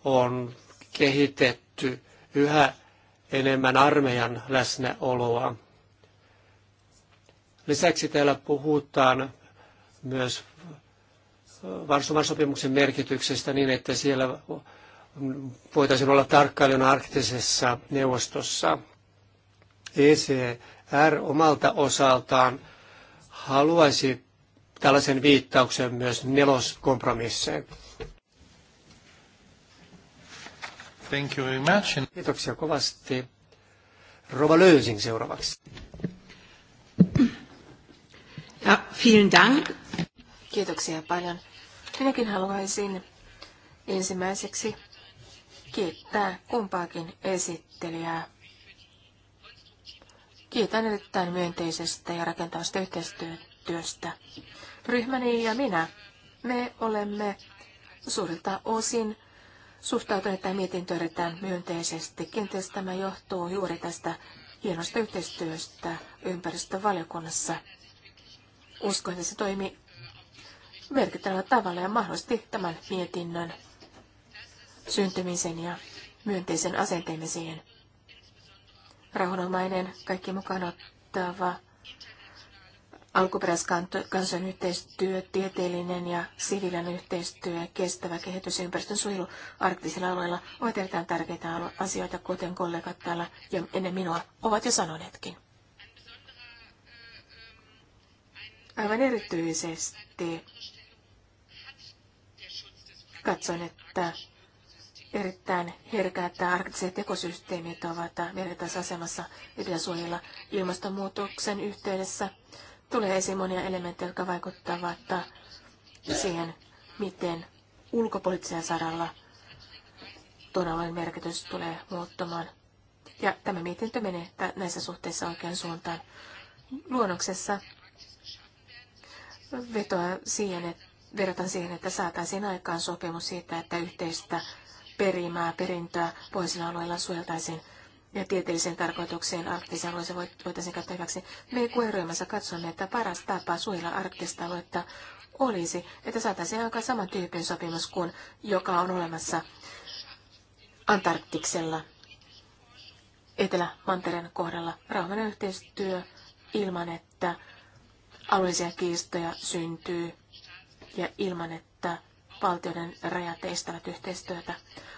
on kehitetty yhä enemmän armeijan läsnäoloa. Lisäksi täällä puhutaan myös Varsovan sopimuksen merkityksestä niin, että siellä voitaisiin olla tarkkailijana arktisessa neuvostossa. ECR omalta osaltaan haluaisi tällaisen viittauksen myös neloskompromisseen. Thank you very much. Kiitoksia kovasti. Rova Lösing seuraavaksi. Ja, vielen Dank. Kiitoksia paljon. Minäkin haluaisin ensimmäiseksi kiittää kumpaakin esittelijää. Kiitän erittäin myönteisestä ja rakentavasta yhteistyöstä. Ryhmäni ja minä, me olemme suurilta osin suhtautuneet tähän mietintöön erittäin myönteisesti. Kenties tämä johtuu juuri tästä hienosta yhteistyöstä ympäristövaliokunnassa. Uskon, että se toimi merkittävällä tavalla ja mahdollisesti tämän mietinnön syntymisen ja myönteisen asenteemme siihen. Rauhanomainen, kaikki mukaan ottava, alkuperäiskansojen yhteistyö, tieteellinen ja sivilän yhteistyö, kestävä kehitys ja ympäristön suojelu arktisilla alueilla ovat erittäin tärkeitä asioita, kuten kollegat täällä jo ennen minua ovat jo sanoneetkin. Aivan erityisesti Katson, että erittäin herkät arktiset ekosysteemit ovat merkittävässä asemassa ilmastonmuutoksen yhteydessä. Tulee esiin monia elementtejä, jotka vaikuttavat siihen, miten ulkopoliittisen saralla tuon merkitys tulee muuttumaan. Ja tämä mietintö menee näissä suhteissa oikean suuntaan. Luonnoksessa vetoa siihen, että verrataan siihen, että saataisiin aikaan sopimus siitä, että yhteistä perimää, perintöä pohjoisilla alueilla suojeltaisiin ja tieteelliseen tarkoitukseen arktisen alueeseen voitaisiin käyttää hyväksi. Me qe katsomme, että paras tapa suojella arktista aluetta olisi, että saataisiin aika saman tyypin sopimus kuin joka on olemassa Antarktiksella, Etelä-Mantereen kohdalla. Rauhallinen yhteistyö ilman, että alueellisia kiistoja syntyy ja ilman, että valtioiden rajat estävät yhteistyötä.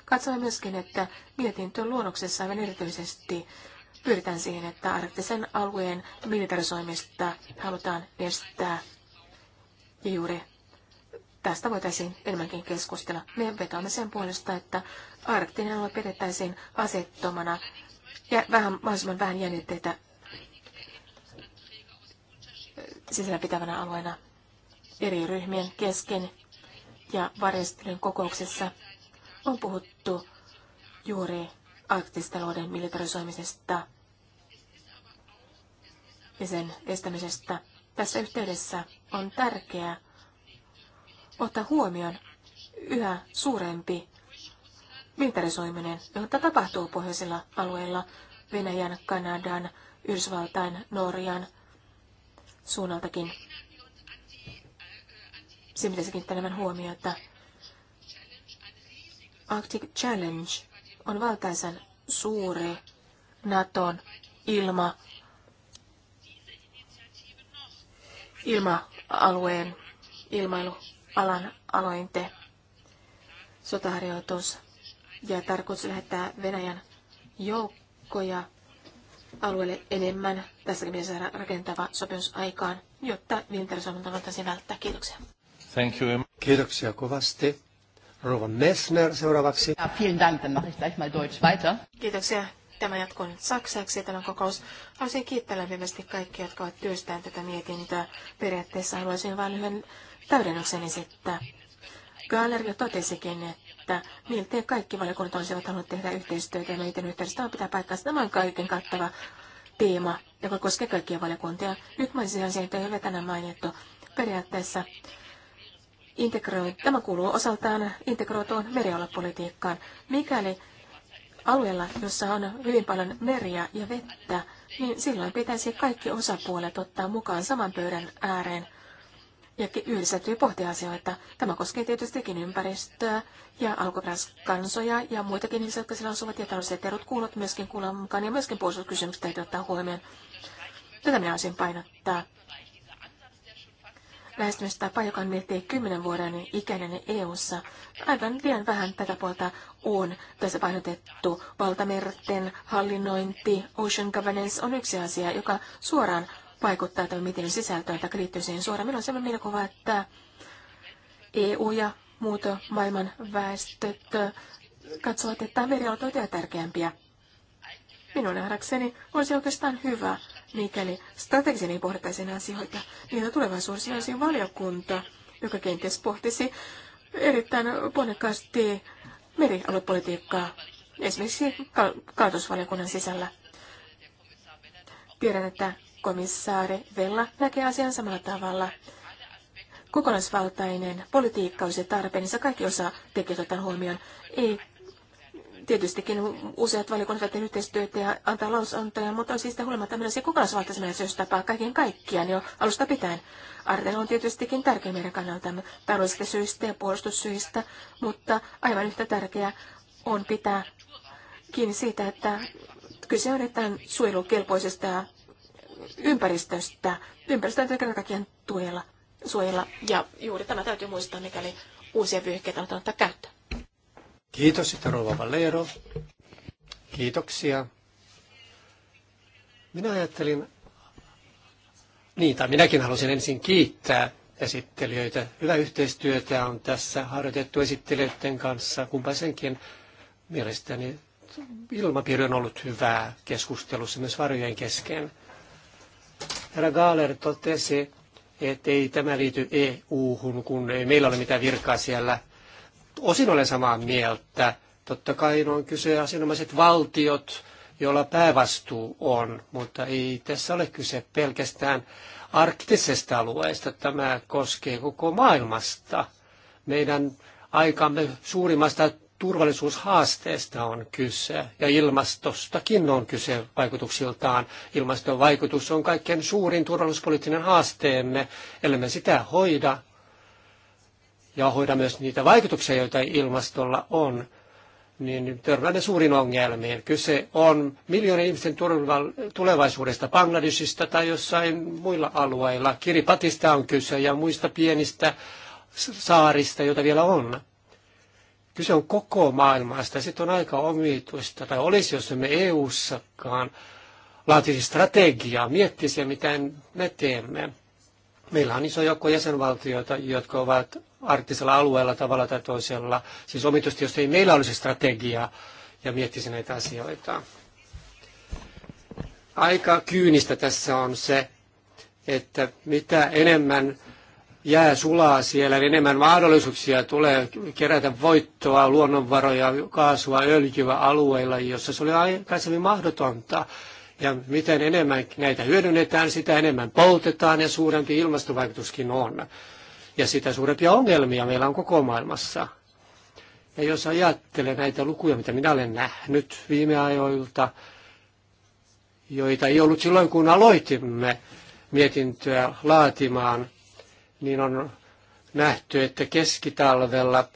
Katsomme myöskin, että mietintön luonnoksessa aivan erityisesti pyritään siihen, että arktisen alueen militarisoimista halutaan estää. Ja juuri tästä voitaisiin enemmänkin keskustella. Me vetoamme sen puolesta, että arktinen alue pidettäisiin asettomana ja vähän, mahdollisimman vähän jännitteitä sisällä pitävänä alueena eri ryhmien kesken ja varjostelun kokouksessa on puhuttu juuri arktistalouden militarisoimisesta ja sen estämisestä. Tässä yhteydessä on tärkeää ottaa huomioon yhä suurempi militarisoiminen, jota tapahtuu pohjoisilla alueilla Venäjän, Kanadan, Yhdysvaltain, Norjan suunnaltakin se pitäisi kiinnittää enemmän huomiota. Arctic Challenge on valtaisen suuri Naton ilma, ilma-alueen ilmailualan alointe sotaharjoitus ja tarkoitus lähettää Venäjän joukkoja alueelle enemmän. Tässäkin pitäisi saada rakentava sopimus aikaan, jotta on voitaisiin välttää. Kiitoksia. Thank you. Kiitoksia kovasti. Rova Messner seuraavaksi. Ja, vielen Dank, dann mache ich gleich mal Deutsch weiter. Kiitoksia. Tämä jatkuu nyt saksaksi tämä kokous. Haluaisin kiittää lämpimästi kaikkia, jotka ovat työstään tätä mietintöä. Periaatteessa haluaisin vain yhden täydennyksen esittää. Galler jo totesikin, että miltei kaikki valiokunnat olisivat halunneet tehdä yhteistyötä ja meidän on pitää paikkaa. Tämä on kaiken kattava teema, joka koskee kaikkia valiokuntia. Nyt mainitsin asian, että ei ole tänään mainittu. Periaatteessa integroi, tämä kuuluu osaltaan integroituun merialapolitiikkaan. Mikäli alueella, jossa on hyvin paljon meriä ja vettä, niin silloin pitäisi kaikki osapuolet ottaa mukaan saman pöydän ääreen ja yhdessä pohtia asioita. Tämä koskee tietystikin ympäristöä ja alkuperäiskansoja ja muitakin ihmisiä, jotka siellä asuvat ja taloudelliset erot kuuluvat myöskin kuulla mukaan ja myöskin puolustuskysymykset täytyy ottaa huomioon. Tätä minä olisin painottaa lähestymistapa, joka on miltei kymmenen vuoden ikäinen EU-ssa. Aivan liian vähän tätä puolta on tässä painotettu. Valtamerten hallinnointi, ocean governance on yksi asia, joka suoraan vaikuttaa tämän miten sisältöön tai liittyy siihen suoraan. Minulla on sellainen mielikuva, että EU ja muut maailman väestöt katsovat, että merialueet ovat tärkeämpiä. Minun nähdäkseni olisi oikeastaan hyvä, mikäli ei strategisemmin niin pohdittaisiin asioita, niin tulevaisuudessa olisi valiokunta, joka kenties pohtisi erittäin ponnekkaasti merialuepolitiikkaa, esimerkiksi kalastusvaliokunnan sisällä. Tiedän, että komissaari Vella näkee asian samalla tavalla. Kokonaisvaltainen politiikka olisi tarpeen, niin kaikki osa tekijät otetaan huomioon. Ei Tietystikin useat valiokunnat ovat yhteistyötä ja antaa lausuntoja, mutta on siis sitä huolimatta myös se kokonaisvaltaisen menestyystapa kaiken kaikkiaan jo alusta pitäen. Arden on tietystikin tärkeä meidän kannalta taloudellisista syistä ja puolustussyistä, mutta aivan yhtä tärkeää on pitää kiinni siitä, että kyse on erittäin suojelukelpoisesta ympäristöstä. Ympäristöä täytyy kaikkien tuella, suojella ja juuri tämä täytyy muistaa, mikäli uusia vyöhykkeitä on ottaa käyttöön. Kiitos, että Rova Valero. Kiitoksia. Minä ajattelin, niin tai minäkin halusin ensin kiittää esittelijöitä. Hyvää yhteistyötä on tässä harjoitettu esittelijöiden kanssa, kumpa senkin mielestäni ilmapiiri on ollut hyvää keskustelussa myös varjojen kesken. Herra Gaaler totesi, että ei tämä liity EU-hun, kun ei meillä ole mitään virkaa siellä – Osin olen samaa mieltä. Totta kai on kyse asianomaiset valtiot, joilla päävastuu on, mutta ei tässä ole kyse pelkästään arktisesta alueesta. Tämä koskee koko maailmasta. Meidän aikamme suurimmasta turvallisuushaasteesta on kyse ja ilmastostakin on kyse vaikutuksiltaan. Ilmaston vaikutus on kaikkein suurin turvallisuuspoliittinen haasteemme. Ellei me sitä hoida, ja hoida myös niitä vaikutuksia, joita ilmastolla on, niin törmäämme suurin ongelmiin. Kyse on miljoonien ihmisten tulevaisuudesta Bangladesista tai jossain muilla alueilla. Kiripatista on kyse ja muista pienistä saarista, joita vielä on. Kyse on koko maailmasta. Sitten on aika omituista, tai olisi, jos emme eu ssakaan laatisi strategiaa, miettisi, mitä me teemme. Meillä on iso joukko jäsenvaltioita, jotka ovat arktisella alueella tavalla tai toisella. Siis omitusti, jos ei meillä olisi strategiaa ja miettisi näitä asioita. Aika kyynistä tässä on se, että mitä enemmän jää sulaa siellä, niin enemmän mahdollisuuksia tulee kerätä voittoa, luonnonvaroja, kaasua, öljyä alueilla, jossa se oli aikaisemmin mahdotonta. Ja miten enemmän näitä hyödynnetään, sitä enemmän poltetaan ja suurempi ilmastovaikutuskin on. Ja sitä suurempia ongelmia meillä on koko maailmassa. Ja jos ajattelee näitä lukuja, mitä minä olen nähnyt viime ajoilta, joita ei ollut silloin, kun aloitimme mietintöä laatimaan, niin on nähty, että keskitalvella –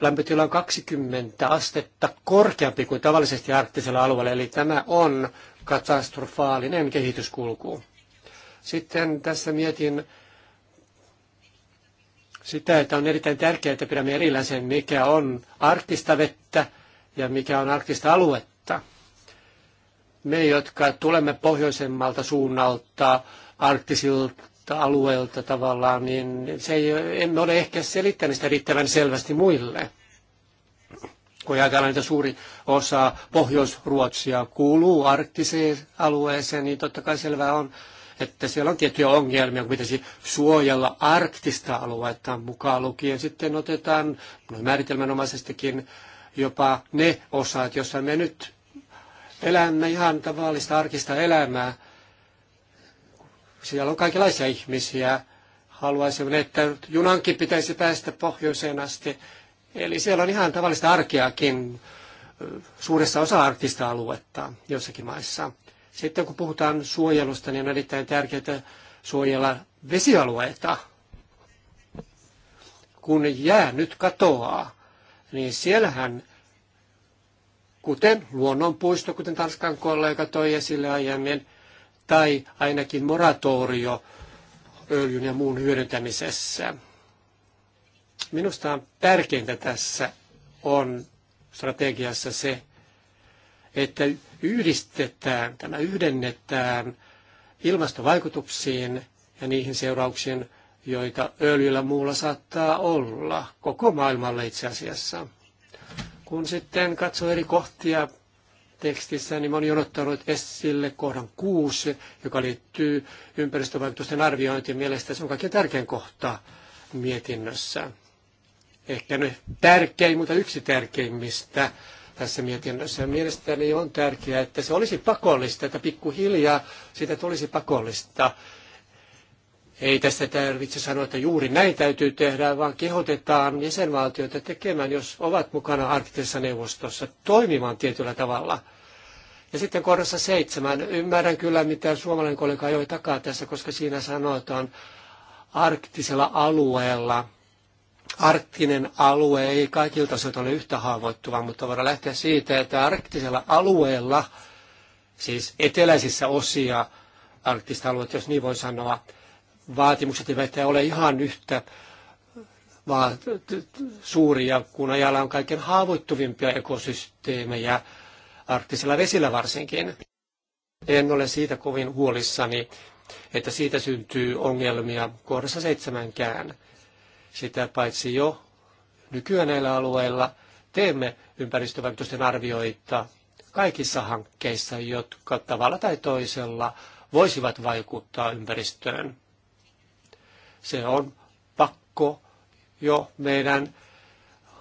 lämpötila on 20 astetta korkeampi kuin tavallisesti arktisella alueella, eli tämä on katastrofaalinen kehityskulku. Sitten tässä mietin sitä, että on erittäin tärkeää, että pidämme erillään sen, mikä on arktista vettä ja mikä on arktista aluetta. Me, jotka tulemme pohjoisemmalta suunnalta, arktisilta alueelta tavallaan, niin se ei, emme ole ehkä selittäneet sitä riittävän selvästi muille. Kun ajatellaan, että suuri osa Pohjois-Ruotsia kuuluu arktiseen alueeseen, niin totta kai selvää on, että siellä on tiettyjä ongelmia, kun pitäisi suojella arktista aluetta mukaan lukien. Sitten otetaan no, määritelmänomaisestikin jopa ne osat, joissa me nyt elämme ihan tavallista arkista elämää, siellä on kaikenlaisia ihmisiä. Haluaisin, että junankin pitäisi päästä pohjoiseen asti. Eli siellä on ihan tavallista arkeakin suuressa osa arktista aluetta joissakin maissa. Sitten kun puhutaan suojelusta, niin on erittäin tärkeää suojella vesialueita. Kun jää nyt katoaa, niin siellähän, kuten luonnonpuisto, kuten Tanskan kollega toi esille aiemmin, tai ainakin moratorio öljyn ja muun hyödyntämisessä. Minusta on tärkeintä tässä on strategiassa se, että yhdistetään, tämä yhdennetään ilmastovaikutuksiin ja niihin seurauksiin, joita öljyllä muulla saattaa olla koko maailmalle itse asiassa. Kun sitten katsoo eri kohtia tekstissä, niin moni on ottanut esille kohdan 6, joka liittyy ympäristövaikutusten arviointiin. Mielestäni se on kaikkein tärkein kohta mietinnössä. Ehkä nyt tärkein, mutta yksi tärkeimmistä tässä mietinnössä. Mielestäni on tärkeää, että se olisi pakollista, että pikkuhiljaa siitä tulisi pakollista ei tästä tarvitse sanoa, että juuri näin täytyy tehdä, vaan kehotetaan jäsenvaltioita tekemään, jos ovat mukana arktisessa neuvostossa, toimimaan tietyllä tavalla. Ja sitten kohdassa seitsemän. Ymmärrän kyllä, mitä suomalainen kollega ajoi takaa tässä, koska siinä sanotaan arktisella alueella. Arktinen alue ei kaikilta tasoilta ole yhtä haavoittuva, mutta voidaan lähteä siitä, että arktisella alueella, siis eteläisissä osia arktista aluetta, jos niin voi sanoa, vaatimukset eivät ole ihan yhtä vaan suuria, kun ajallaan kaiken haavoittuvimpia ekosysteemejä, arktisilla vesillä varsinkin. En ole siitä kovin huolissani, että siitä syntyy ongelmia kohdassa seitsemänkään. Sitä paitsi jo nykyään näillä alueilla teemme ympäristövaikutusten arvioita kaikissa hankkeissa, jotka tavalla tai toisella voisivat vaikuttaa ympäristöön. Se on pakko jo meidän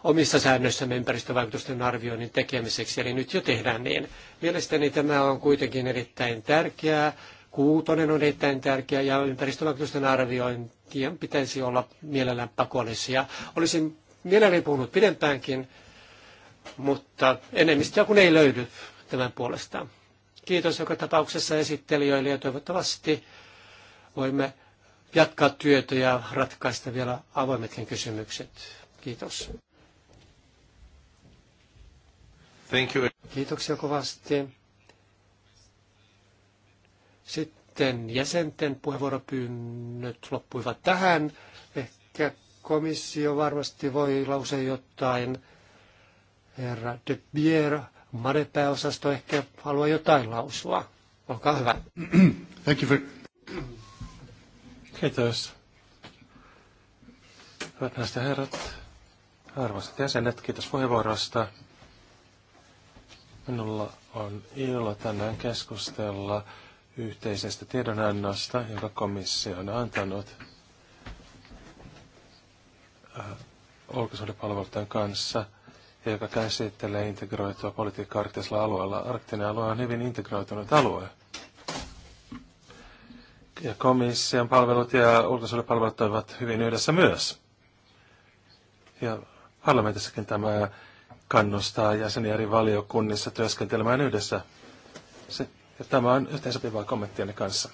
omissa säännöissämme ympäristövaikutusten arvioinnin tekemiseksi, eli nyt jo tehdään niin. Mielestäni tämä on kuitenkin erittäin tärkeää. Kuutonen on erittäin tärkeä ja ympäristövaikutusten arviointien pitäisi olla mielellään pakollisia. Olisin mielelläni puhunut pidempäänkin, mutta enemmistöä kun ei löydy tämän puolesta. Kiitos joka tapauksessa esittelijöille ja toivottavasti voimme jatkaa työtä ja ratkaista vielä avoimetkin kysymykset. Kiitos. Thank you. Kiitoksia kovasti. Sitten jäsenten puheenvuoropyynnöt loppuivat tähän. Ehkä komissio varmasti voi lausua jotain. Herra de Bier, Mare pääosasto ehkä haluaa jotain lausua. Olkaa hyvä. Thank you for... Kiitos. Hyvät naiset herrat, arvoisat jäsenet, kiitos puheenvuorosta. Minulla on ilo tänään keskustella yhteisestä tiedonannosta, jonka komissio on antanut äh, ulkosuhdepalveluiden kanssa, joka käsittelee integroitua politiikkaa arktisella alueella. Arktinen alue on hyvin integroitunut alue. Ja komission palvelut ja palvelut toivat hyvin yhdessä myös. Ja parlamentissakin tämä kannustaa jäseniä eri valiokunnissa työskentelemään yhdessä. Se, ja tämä on yhteensopivaa kommenttienne kanssa.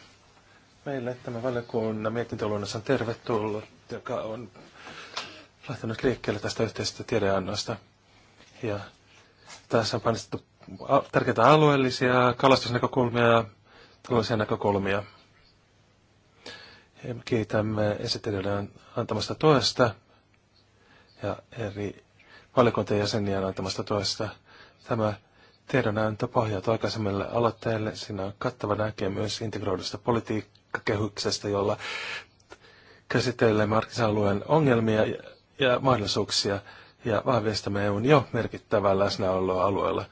Meille tämä valiokunnan mietintöluonnos on tervetullut, joka on lähtenyt liikkeelle tästä yhteisestä tiedeannosta. Ja tässä on painostettu tärkeitä alueellisia kalastusnäkökulmia ja taloudellisia näkökulmia. Kiitämme esittelijöiden antamasta toesta ja eri valiokuntien jäseniä antamasta toesta. Tämä tiedonanto pohjautuu aikaisemmille aloitteille. Siinä on kattava näkemys integroidusta politiikkakehyksestä, jolla käsitellään markkinalueen ongelmia ja mahdollisuuksia ja vahvistamme EUn jo merkittävää läsnäoloa alueella.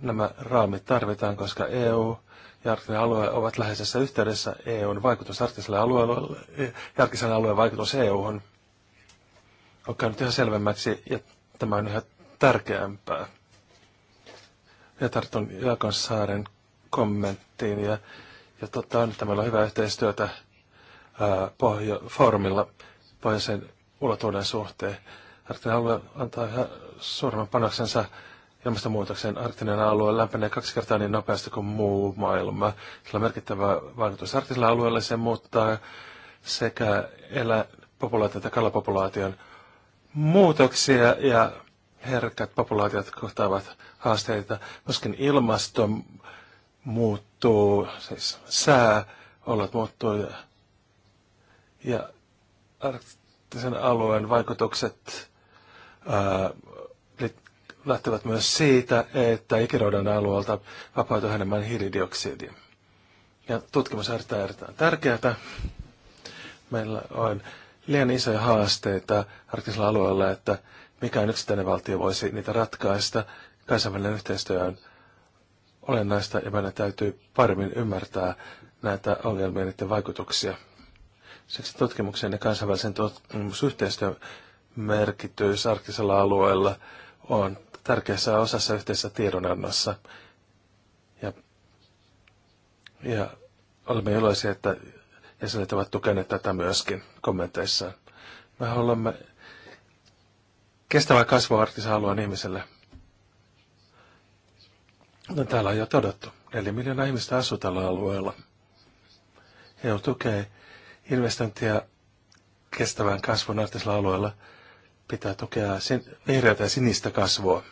Nämä raamit tarvitaan, koska EU ja arktinen alue ovat läheisessä yhteydessä EUn vaikutus arktiselle alueelle e, ja arktisen alueen vaikutus EUhun on käynyt ihan selvemmäksi ja tämä on yhä tärkeämpää. Ja tartun Jaakon Saaren kommenttiin ja, ja totta on, että meillä on hyvää yhteistyötä ää, pohjo, foorumilla pohjoisen ulotuuden suhteen. Arktinen alue antaa yhä suuremman panoksensa ilmastonmuutoksen arktinen alue lämpenee kaksi kertaa niin nopeasti kuin muu maailma. Sillä on merkittävä vaikutus arktisella alueella. Se muuttaa sekä elä, että kalapopulaation muutoksia ja herkät populaatiot kohtaavat haasteita. Myöskin ilmasto muuttuu, siis sääolot muuttuu ja arktisen alueen vaikutukset ää, lähtevät myös siitä, että ikiroudan alueelta vapautuu enemmän hiilidioksidia. Ja tutkimus on erittäin, erittäin tärkeää. Meillä on liian isoja haasteita arktisella alueella, että mikään yksittäinen valtio voisi niitä ratkaista. Kansainvälinen yhteistyö on olennaista ja meidän täytyy paremmin ymmärtää näitä ongelmia ja niiden vaikutuksia. Siksi tutkimuksen ja kansainvälisen tutkimusyhteistyön merkitys arktisella alueella on tärkeässä osassa yhteisessä tiedonannossa. Ja, ja olemme iloisia, että jäsenet ovat tukeneet tätä myöskin kommenteissaan. Me haluamme kestävää kasvua haluan ihmiselle. No, täällä on jo todettu. Eli miljoona ihmistä asuu tällä alueella. ovat tukee investointia kestävään kasvun arktisella alueella – pitää tukea sin- vihreätä ja sinistä kasvua.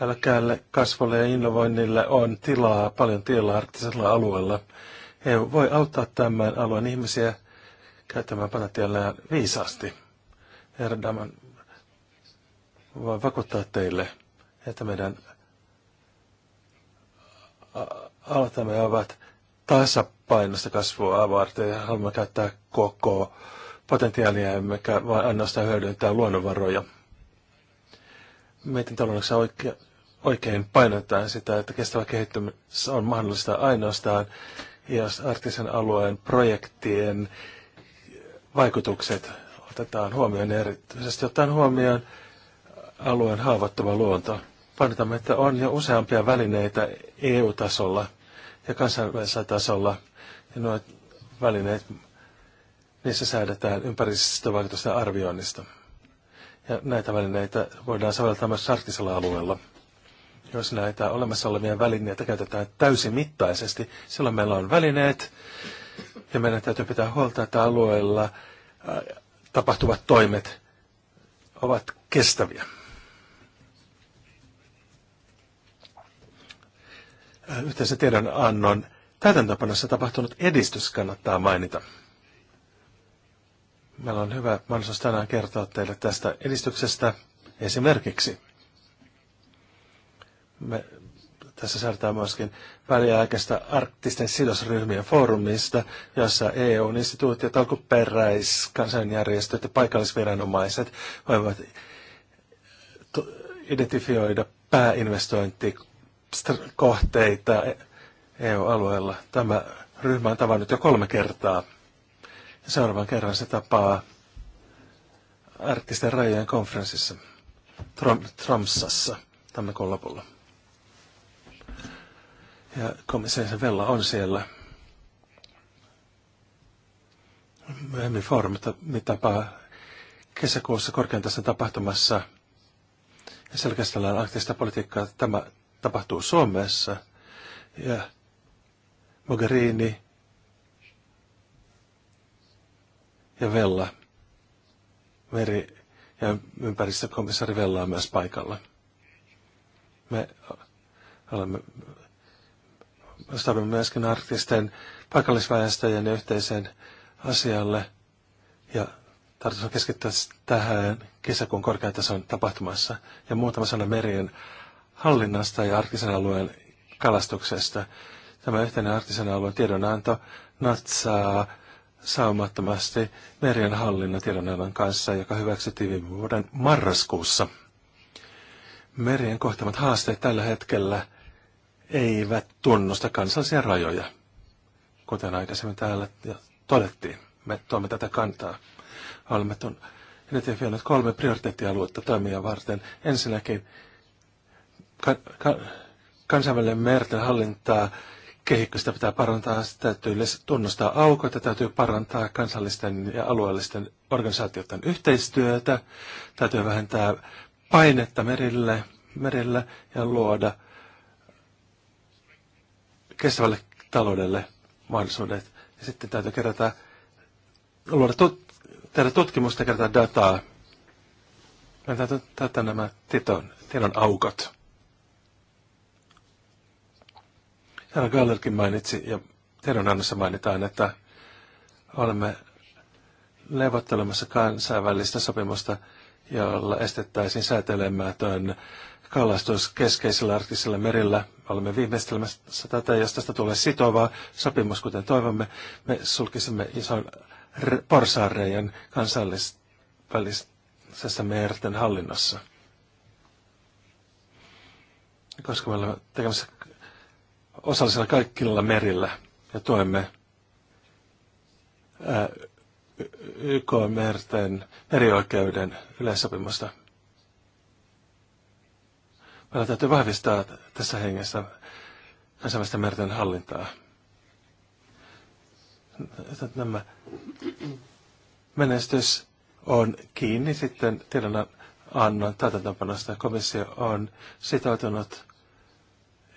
Älkäälle kasvulle ja innovoinnille on tilaa, paljon tilaa arktisella alueella. EU voi auttaa tämän alueen ihmisiä käyttämään panatiellään viisaasti. Herra Daman, voin vakuuttaa teille, että meidän aloitamme ovat tasapainosta kasvua varten ja haluamme käyttää koko potentiaalia, emmekä vain ainoastaan hyödyntää luonnonvaroja. Mietin taloudessa oikein, oikein painotetaan sitä, että kestävä kehittymys on mahdollista ainoastaan, jos arktisen alueen projektien vaikutukset otetaan huomioon erityisesti ottaen huomioon alueen haavoittuva luonto. Painotamme, että on jo useampia välineitä EU-tasolla ja kansainvälisellä tasolla, ja nuo välineet Niissä säädetään ympäristövaikutusten arvioinnista. Ja näitä välineitä voidaan soveltaa myös arktisella alueella. Jos näitä olemassa olevia välineitä käytetään täysimittaisesti, silloin meillä on välineet, ja meidän täytyy pitää huolta, että alueella tapahtuvat toimet ovat kestäviä. Yhteisen tiedon annon täytäntöpanossa tapahtunut edistys kannattaa mainita. Meillä on hyvä mahdollisuus tänään kertoa teille tästä edistyksestä esimerkiksi. Me tässä säädetään myöskin väliaikaista arktisten sidosryhmien foorumista, jossa EU-instituutiot, alkuperäiskansanjärjestöt ja paikallisviranomaiset voivat identifioida pääinvestointikohteita EU-alueella. E Tämä ryhmä on tavannut jo kolme kertaa ja seuraavan kerran se tapaa arktisten rajojen konferenssissa Trom- Tromsassa tammikuun lopulla. Ja komissaari Vella on siellä. Myöhemmin foorumi tapaa kesäkuussa korkeintaan tapahtumassa ja selkeästellään arktista politiikkaa. Tämä tapahtuu Suomessa ja Mogherini ja Vella. Meri ja ympäristökomissaari Vella on myös paikalla. Me olemme vastaamme myöskin arktisten paikallisväestöjen ja asialle ja tarkoitus on keskittyä tähän kesäkuun korkeatason tapahtumassa ja muutama sana merien hallinnasta ja arktisen alueen kalastuksesta. Tämä yhteinen arktisen alueen tiedonanto natsaa saumattomasti merien hallinnan tiedonannon kanssa, joka hyväksyttiin viime vuoden marraskuussa. Merien kohtamat haasteet tällä hetkellä eivät tunnusta kansallisia rajoja, kuten aikaisemmin täällä todettiin. Me tuomme tätä kantaa. Olemme tuon identifioineet kolme prioriteettialuetta toimia varten. Ensinnäkin ka- ka- kansainvälinen merten hallintaa kehikkoista pitää parantaa, täytyy tunnustaa aukoita, täytyy parantaa kansallisten ja alueellisten organisaatioiden yhteistyötä, täytyy vähentää painetta merille, merillä ja luoda kestävälle taloudelle mahdollisuudet. Ja sitten täytyy kerätä, luoda tut, tehdä tutkimusta ja kerätä dataa. Meidän täytyy täyttää nämä titon, tiedon aukot. Herra Gallerkin mainitsi, ja tiedonannossa mainitaan, että olemme neuvottelemassa kansainvälistä sopimusta, jolla estettäisiin säätelemätön kalastus keskeisellä arktisella merillä. Olemme viimeistelemässä tätä, jos tästä tulee sitova sopimus, kuten toivomme. Me sulkisimme ison porsaareijan kansainvälisessä merten hallinnassa. Koska me olemme tekemässä osallisena kaikilla merillä ja tuemme YK-merten merioikeuden yleissopimusta. Meillä täytyy vahvistaa tässä hengessä ensimmäistä merten hallintaa. Nämä menestys on kiinni sitten tiedon annon täytäntöönpanosta. Komissio on sitoutunut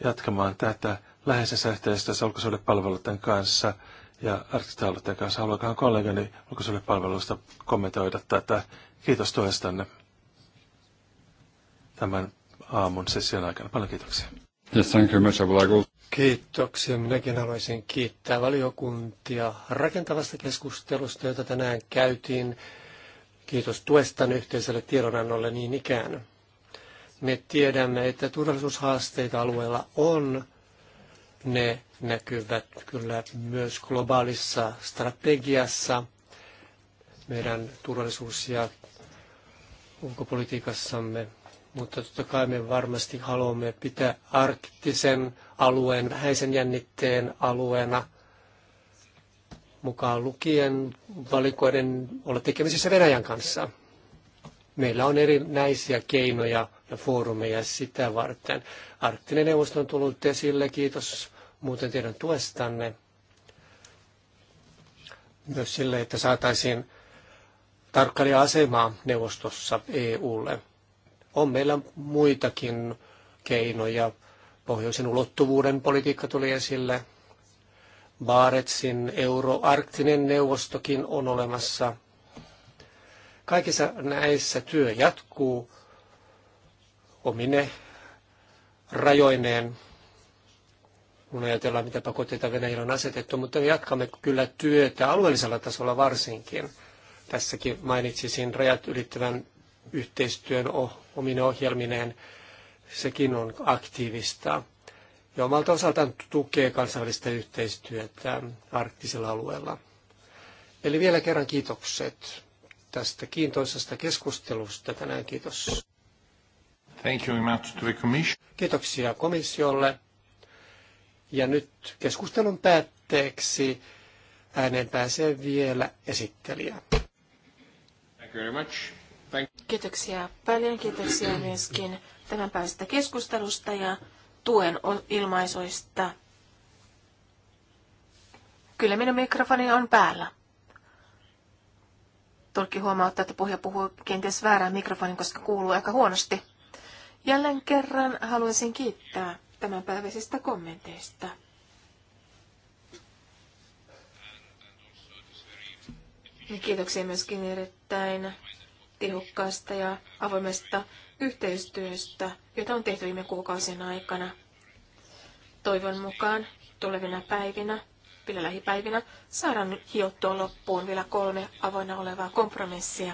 jatkamaan tätä läheisessä yhteistyössä ulkosuhdepalveluiden kanssa ja arktitauluiden kanssa. Haluakaan kollegani ulkosuhdepalveluista kommentoida tätä. Kiitos tuestanne tämän aamun session aikana. Paljon kiitoksia. Yes, thank you much. Kiitoksia. Minäkin haluaisin kiittää valiokuntia rakentavasta keskustelusta, jota tänään käytiin. Kiitos tuestan yhteiselle tiedonannolle niin ikään. Me tiedämme, että turvallisuushaasteita alueella on ne näkyvät kyllä myös globaalissa strategiassa, meidän turvallisuus- ja ulkopolitiikassamme. Mutta totta kai me varmasti haluamme pitää arktisen alueen, vähäisen jännitteen alueena, mukaan lukien valikoiden olla tekemisissä Venäjän kanssa. Meillä on erinäisiä keinoja ja foorumeja sitä varten. Arktinen neuvosto on tullut esille, kiitos muuten teidän tuestanne. Myös sille, että saataisiin tarkkailija-asemaa neuvostossa EUlle. On meillä muitakin keinoja. Pohjoisen ulottuvuuden politiikka tuli esille. Baaretsin euroarktinen neuvostokin on olemassa. Kaikissa näissä työ jatkuu omine rajoineen, kun ajatellaan, mitä pakotteita Venäjällä on asetettu, mutta me jatkamme kyllä työtä alueellisella tasolla varsinkin. Tässäkin mainitsisin rajat ylittävän yhteistyön omine ohjelmineen. Sekin on aktiivista ja omalta osaltaan tukee kansainvälistä yhteistyötä arktisella alueella. Eli vielä kerran kiitokset tästä kiintoisesta keskustelusta tänään. Kiitos. Thank you very much to the commission. Kiitoksia komissiolle. Ja nyt keskustelun päätteeksi ääneen pääsee vielä esittelijä. Thank you very much. Thank Kiitoksia paljon, kiitoksia myöskin tämän päästä keskustelusta ja tuen ilmaisuista. Kyllä minun mikrofoni on päällä. Tulkki huomauttaa, että puhuja puhuu kenties väärään mikrofonin, koska kuuluu aika huonosti. Jälleen kerran haluaisin kiittää tämänpäiväisistä kommenteista. Kiitoksia myöskin erittäin tehokkaasta ja avoimesta yhteistyöstä, jota on tehty viime kuukausien aikana. Toivon mukaan tulevina päivinä, vielä lähipäivinä, saadaan hiottua loppuun vielä kolme avoinna olevaa kompromissia.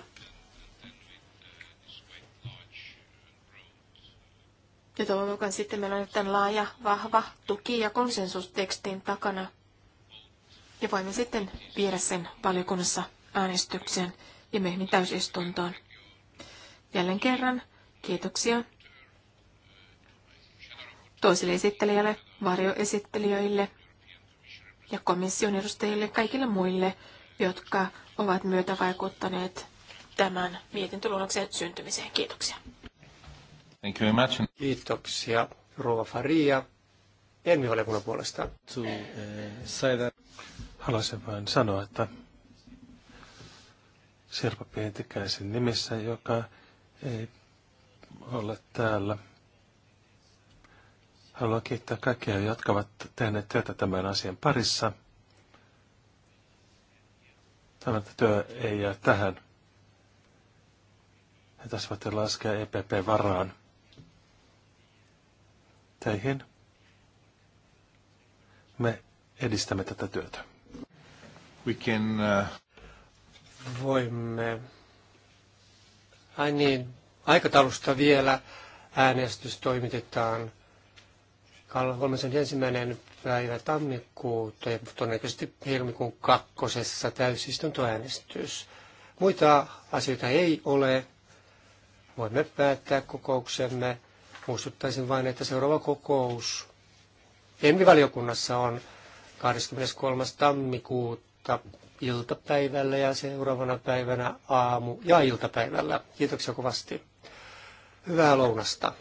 Ja toivon mukaan sitten meillä on nyt tämän laaja, vahva tuki ja konsensus takana. Ja voimme sitten viedä sen valiokunnassa äänestykseen ja myöhemmin täysistuntoon. Jälleen kerran kiitoksia toisille esittelijälle, varjoesittelijöille ja komission edustajille, kaikille muille, jotka ovat myötävaikuttaneet tämän mietintöluonnoksen syntymiseen. Kiitoksia. Thank you very much. Kiitoksia, Rova Faria. Envivaliokunnan puolesta. To, uh, say that. Haluaisin vain sanoa, että Sirpa Pietikäisen nimissä, joka ei ole täällä. Haluan kiittää kaikkia, jotka ovat tehneet työtä tämän asian parissa. Tämä työ ei jää tähän. He tässä voitte laskea EPP-varaan teihin. Me edistämme tätä työtä. We can, uh... Voimme. Ai niin, aikataulusta vielä äänestys toimitetaan ensimmäinen päivä tammikuuta ja todennäköisesti helmikuun kakkosessa täysistuntoäänestys. Muita asioita ei ole. Voimme päättää kokouksemme. Muistuttaisin vain, että seuraava kokous EMI-valiokunnassa on 23. tammikuuta iltapäivällä ja seuraavana päivänä aamu- ja iltapäivällä. Kiitoksia kovasti. Hyvää lounasta.